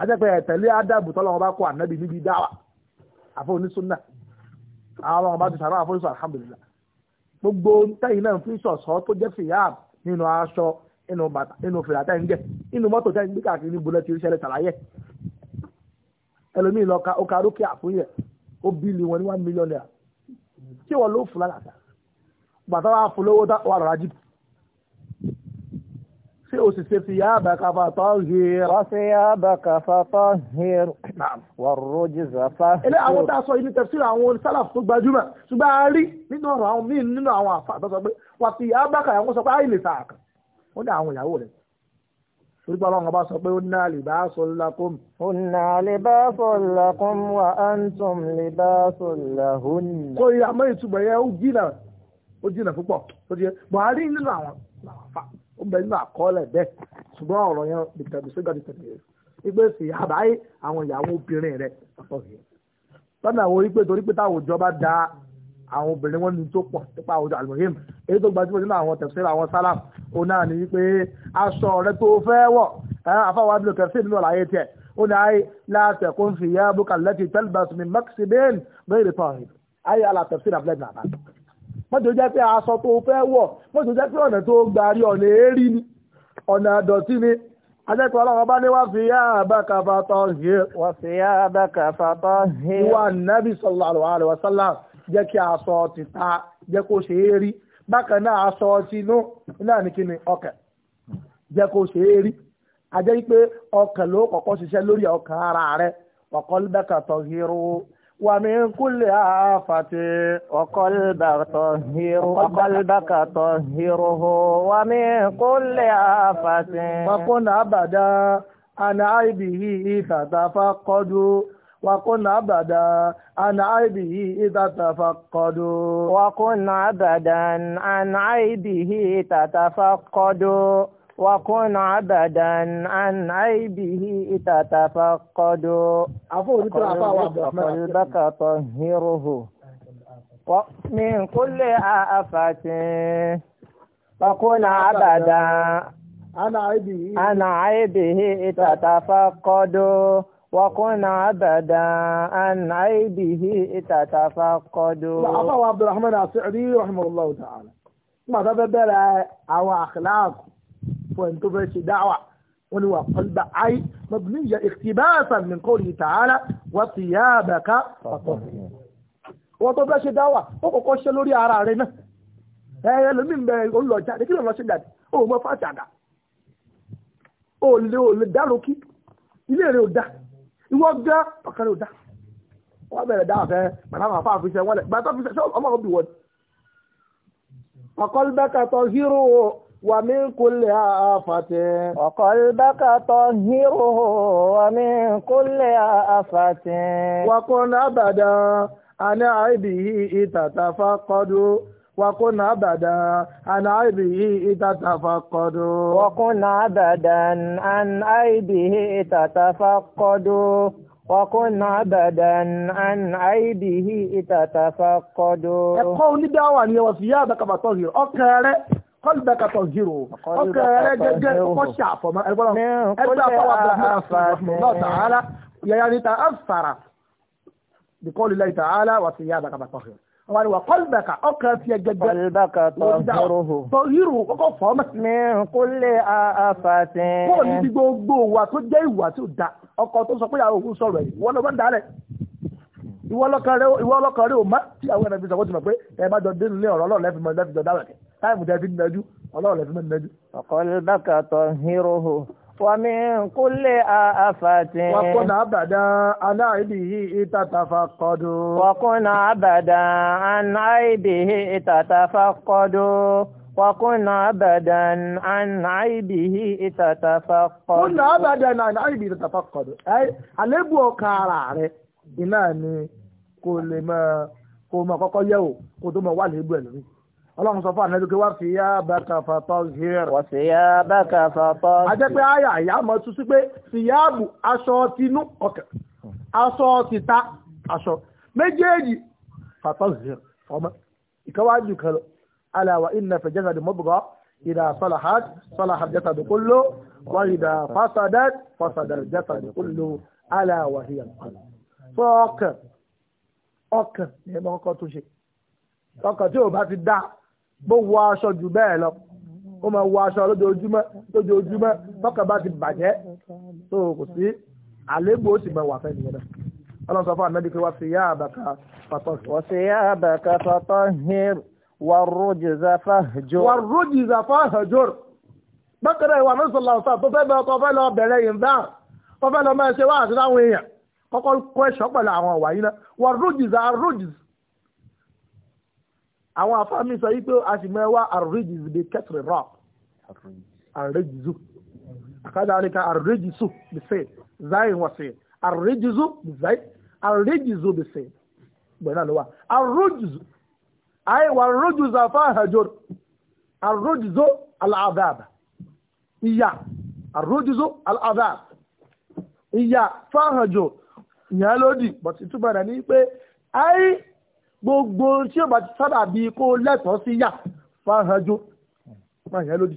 ajẹ́pẹ́ ẹ̀tẹ̀lé ádàbù tọ́lọ́wọ́ bá kó ànábì níbi dáwà àfọ onísúnà àwọn ọmọ bá ti sàrọ̀ àfọ onísúnà gbogbo tẹ́yìn náà fi sọ̀sọ́ tó jẹ́ fìyàm nínú aṣọ inú bàtà inú fìlà nke. jẹ́ inú mọ́tò gbé káàkiri ẹlòmíì òṣìṣẹ́ sí yáàbà kàfà tọ́hìr. wọ́n sí yáàbà kàfà tọ́hìr. wọ́rọ̀ jìzà fà. ilé àwọn tá a sọ ilé tẹ̀síra àwọn olùsálà tó gbajúmọ̀ ṣùgbọ́n a rí nínú ọ̀rọ̀ àwọn míì nínú àwọn àfa àtọ́sọ pé wà sí yáàbà kàyà wọ́n sọ pé àìlè sàkà wọ́n dá àwọn ìyàwó rẹ̀ torípa ọlọ́run bá sọ pé ó ná libasul lakum. ó ná libasul lakum wa antum libasul lahun ó bẹ nínú àkọọ́lẹ̀ bẹ́ẹ̀ ṣùgbọ́n ọ̀rọ̀ yẹn ìtẹ̀lẹ́sẹ̀ gàdí tẹ̀lé rẹ̀ wípé sì àbáyé àwọn ìyàwó obìnrin rẹ̀ lọ́nà àwọn wípé torí pé táwọn òjọba da àwọn obìnrin wọn ní tó pọ̀ nípa àwùjọ àlùmọ́yìn èyí tó gbajúmọ̀ nínú àwọn tẹ̀síra àwọn sálàm ó náà ní wípé aṣọ rẹ tó fẹ́ wọ̀ àfáwọn abúlé kẹsì nínú àlàyé tiẹ̀ ó ní ayé láti ẹ̀kọ́ ń fi ìyá abúkà lẹ́tì tẹ́lifásùmí mẹ́kìsì bẹ́ẹ̀ ni tọ́ àyè àlà tẹ̀síra fúlẹ̀ mọ́tò jẹ́ pé aṣọ tó fẹ́ wọ̀ mọ́tò jẹ́ pé ọ̀nà tó gbarí ọ̀nà eri ni ọ̀nà àdọ̀tí ni ajẹ́pẹ́ ọlọ́run bá ní wá fi yá àbáka fatọ́ he wá fi yá àbáka fatọ́ he wà nábì sallallahu alaihi wasallam jẹ́ kí aṣọ ti ta jẹ́ kó ṣe é rí bákan náà aṣọ ti inú náà ní kíni ọkàn jẹ́ kó ṣe é rí ajẹ́ pé ọkàn ló ṣiṣẹ́ lórí ọkàn ara ومن كل آفة وقلبك طهره وقلبك طهره ومن كل آفة وكن أبدا عن عيبه إذا تفقدوا وكن أبدا عن عيبه إذا تفقدوا وكن أبدا عن عيبه تتفقدوا وكن عبدا عن عيبه تتفقد قلبك طهره من كل آفة وكن عبدا عن عيبه عن عيبه تتفقد وكن عبدا عن عيبه تتفقد عفوا عبد الرحمن السعدي رحمه الله تعالى ما تبدل أو أخلاقه fún ẹni tó fẹ́ ṣe dáwà wọ́n ní wà kọ́lbà ayé mabniya ikhtibasan min qawli ta'ala wa thiyabaka pàtó. wọ́n tó fẹ́ ṣe dáwà ó kọ́kọ́ ṣe lórí ara rẹ̀ náà ẹ̀yẹ lómi ń bẹ olùlọ́jà kí ló lọ ṣe jáde ó mọ fáṣà dà ó lè ó lè dá lókì ilé rẹ̀ ò dá ìwọ gán ọ̀kan rẹ̀ ò dá wọ́n bẹ̀rẹ̀ dáhà fẹ́ bàtà máa fà àfihàn wọlé bàtà fi ṣe ọmọ ọ̀bì wọ́n. ọ̀kọ́lbẹ́kẹ̀tọ̀ hírò ومن كل آفة وقلبك طهره ومن كل آفة وكن أبدا عن عيبه تتفقد وكن أبدا عن عيبه تتفقد وكن أبدا عن عيبه تتفقد وكن أبدا عن عيبه تتفقد. ẹ̀kọ́ onídàáwà ni ọ̀sìn yá àbẹ̀kàbà tọ́hìn ọkàn rẹ̀ kọlbẹka tọ zero ọkẹ rẹ gẹ́gẹ́ kọṣà fọmọ ẹgbọràn ẹgbẹ afọwọ abdulhamid náà tààlà yàyà ní ta afara bikọlu ilayi tààlà wà sí yàrá kàbà tọhìn wọn ni wà kọlbẹka ọkẹ fìyà gẹ́gẹ́ kọlbẹka tọ zero ọkọ fọmọ. mi kúlẹ̀ àfàtẹ́. fóònù ti gbogbo wa tó jẹ́ ìwà tó da ọkọ tó sọ pé àwọn òkú sọ̀rọ̀ yìí wọn lọ bá ń dalẹ̀ ìwọ ọlọ́kàn rẹ ò má tí àwọn ẹ̀rọ ìbísọ̀ wọ́n ti mọ̀ pé ẹ má jọ dénú ní ọ̀rọ̀ ọlọ́run lẹ́fìmọ̀ lẹ́fìjọ dáwọ̀ kẹ́ táìmù tẹ́ fi ń nájú ọlọ́run lè fi mọ́ nájú. ọ̀kọ́lẹ́ bákà tọ́ híròhò wàmí kúlẹ̀ àfàtì. wàkúnà àbàdà aláìbìhí ìtàtàfà kọ́dù. wàkúnà àbàdà aláìbìhí ìtàtàfà kọ́dù. wàkúnà àbàdà aláìbìhí ìtàtàfà kọ́dù. kúnà àbàdà aláìbìhí ìtàtàfà kọ́dù. àlébù ọkà ara rẹ iná kò lè máa kò máa kọ́kọ́ yẹ̀ wò kó tó máa wà lébù ẹ̀ lórí ọlọ́run sọ fún ànẹ́dúkẹ́ wá sí yá bàkà fàtọ́ hìr. wọ́n sì yá bàkà fàtọ́ hìr. a jẹ́ pé àyà àyà mọ̀ tún sí pé síyáàbù aṣọ tinú ọkẹ̀ aṣọ tìta aṣọ méjèèjì fàtọ́ hìr ọmọ ìkọwájú kan lọ aláwa iná fẹjẹsà di mọ́bùgọ́ ìdá sọláhàt sọláhàt jẹsà di kúló wọ́n ìdá fásádẹ́t fásádẹ́t jẹsà di kúló aláwa hìyà kọ́lá. fọ́ ọkàn ọkàn ni ẹ máa kọ́ tó ṣe ọkàn tí ò bá ti dáa bó wọ aṣọ jù bẹ́ẹ̀ lọ ó máa wọ aṣọ lójoojúmọ́ lójoojúmọ́ tọ́kà bá ti bàjẹ́ tó kò sí àléébù ó sì máa wà fẹ́ nìyẹn náà ọlọ́run sọ fún ànábì pé wá sí yá àbàkà fatọ́. wọ́n sí yá àbàkà fatọ́ hìr wàrújìzà fàhjòr. wàrújìzà fàhjòr. bákan náà ìwà náà sọ̀rọ̀ sọ̀rọ̀ tó fẹ́ bẹ̀rẹ̀ tó fẹ́ lọ bẹ̀rẹ̀ yìí bá tó fẹ́ lọ máa ṣe wá àti láwọn èèyàn kọ́kọ́ kọ́ ẹ̀ṣọ́ pẹ̀lú àwọn ọ̀wà yìí náà wàrújìzà rújìz àwọn afáàmì sọ yí pé a sì mọ ẹwà àrùrẹ́jìzù bí kẹtìrì rọ àrùrẹ́jìzù àkádàríkà àrùrẹ́jìzù bí sè zayin wà sè àrùrẹ́jìzù bí zayin àrùrẹ́jìzù bí sè gbẹ̀nà ló wà àrùrẹ́jìzù ayé wà àrùrẹ́jìzù afáhàjò àrùrẹ́jìzù aláàbàbà ìyá àrùrẹ́jìzù aláàbàbà ìyá fáhàjò ìyá lódì bọ̀tí túbọ̀ rẹ̀ ní pé ayé gbogbo tí ó bá ti sábà bíi kó lẹ́tọ̀ọ́ sí yà fáhanjú máa yẹn lódì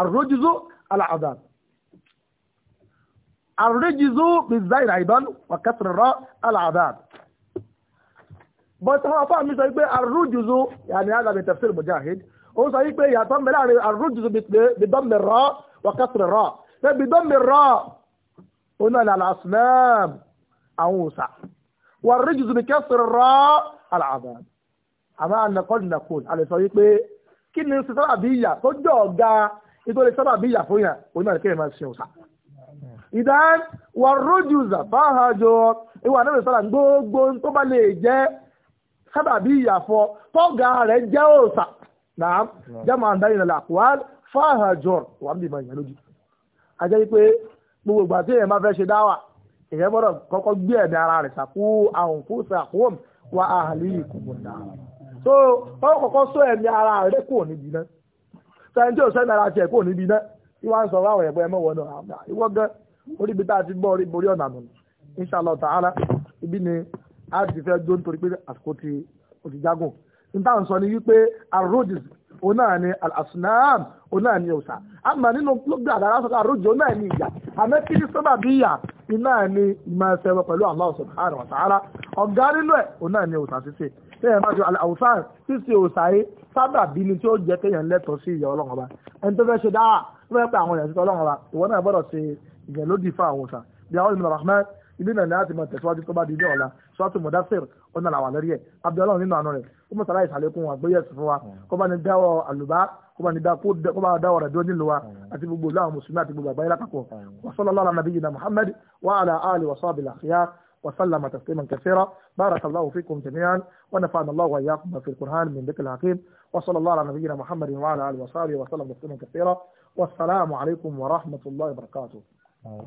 àròjìzó aláàdá àròjìzó bizaira ìbọn wàkẹsìrọrọ aláàdá bọ́tà wọn fáwọn mi sọ wípé àròjìzó yàní alábi tafsir mujahid ó sọ wípé yàtọ̀ mẹ́lẹ́ àrẹ àròjìzó bidọ́mẹ̀rọ wàkẹsìrọrọ bidọ́mẹ̀rọ ó náà ní alásùnà àwọn òòsà. والرجز بكسر الراء العذاب àmọ́ ànàkọ́dù nàkùn a lè sọ wípé kí ni sábà bí ìyà tó jọ ọ̀gá nítorí sábà bí ìyà fún yà onímọ̀ ní kéèyàn máa ṣe òṣà. ìdán wà rójú zàfáhà jọ ìwà náà sọ̀rọ̀ gbogbo tó bá lè jẹ́ sábà bí ìyà fọ tọ́gà rẹ̀ jẹ́ òṣà náà jẹ́mọ̀ àndáyìn nàlà wà fáhà jọ wà ń bì máa yàn lójú. a jẹ́ wípé gbogbo ìgbà tí èèyàn máa fẹ́ ṣe dáwà èyẹ gbọ́dọ̀ kọkọ gbé ẹ̀dá ara rẹ̀ sàkó àwọn kó sàkó wa àhàlì ìkùnkùnà so wọ́n kọ́kọ́ sọ ẹ̀mí ara sọ ẹni ara tiẹ̀ kò níbi náà tí wọ́n ń sọ láwọn ẹ̀gbọ́n ẹ̀mọ́ wọnà ah, ah, ìwọ́ gan orí ibi tá a ti orí borí ọ̀nà ibi ni a ti fẹ́ dó nítorí pé àsìkò ti ni òun náà ni al-asnam òun náà ni òòṣà àmọ́ nínú lóògbé àdára sọ̀tà àrójò náà ni ìyà àmọ́ kí ní sábà bí ìyà iná ni ìmọ̀ ẹsẹ̀ wọn pẹ̀lú Allah subhanahu wa ta'ala ọ̀gá nínú ẹ̀ òun náà ni òòṣà ṣíṣe téèyàn bá ju àwòsàn ṣíṣe òòṣà yìí sábà bí ni tí ó jẹ́ kéèyàn lẹ́tọ̀ọ́ sí ìyà ọlọ́run ọba ẹni tó fẹ́ ṣe dáa tó fẹ́ pẹ́ àwọn ibi náà ni a ti mọ tẹ̀síwájú tó bá di ilé ọ̀la sọ́tù mọ̀dásír ọ̀nà làwà lórí ẹ̀ abdullah nínú àánú rẹ̀ kó mọ̀ sàlàyé ìsàlẹ̀kùn àgbéyẹ̀sì fún wa hmm. kó bá ní dáwọ́ àlùbá kó bá ní dáwọ́ rẹ̀ dúró nílùú wa hmm. àti gbogbo láwọn mùsùlùmí àti gbogbo àgbáyé lápapọ̀ hmm. wa sallallahu ala nabiyyina muhammad wa ala alihi wa sahbihi al-akhyar وسلم تسليما كثيرا بارك الله فيكم جميعا ونفعنا الله وإياكم في القرآن من ذكر الحكيم وصلى الله على نبينا محمد وعلى آله وصحبه وسلم تسليما كثيرا والسلام عليكم ورحمة الله وبركاته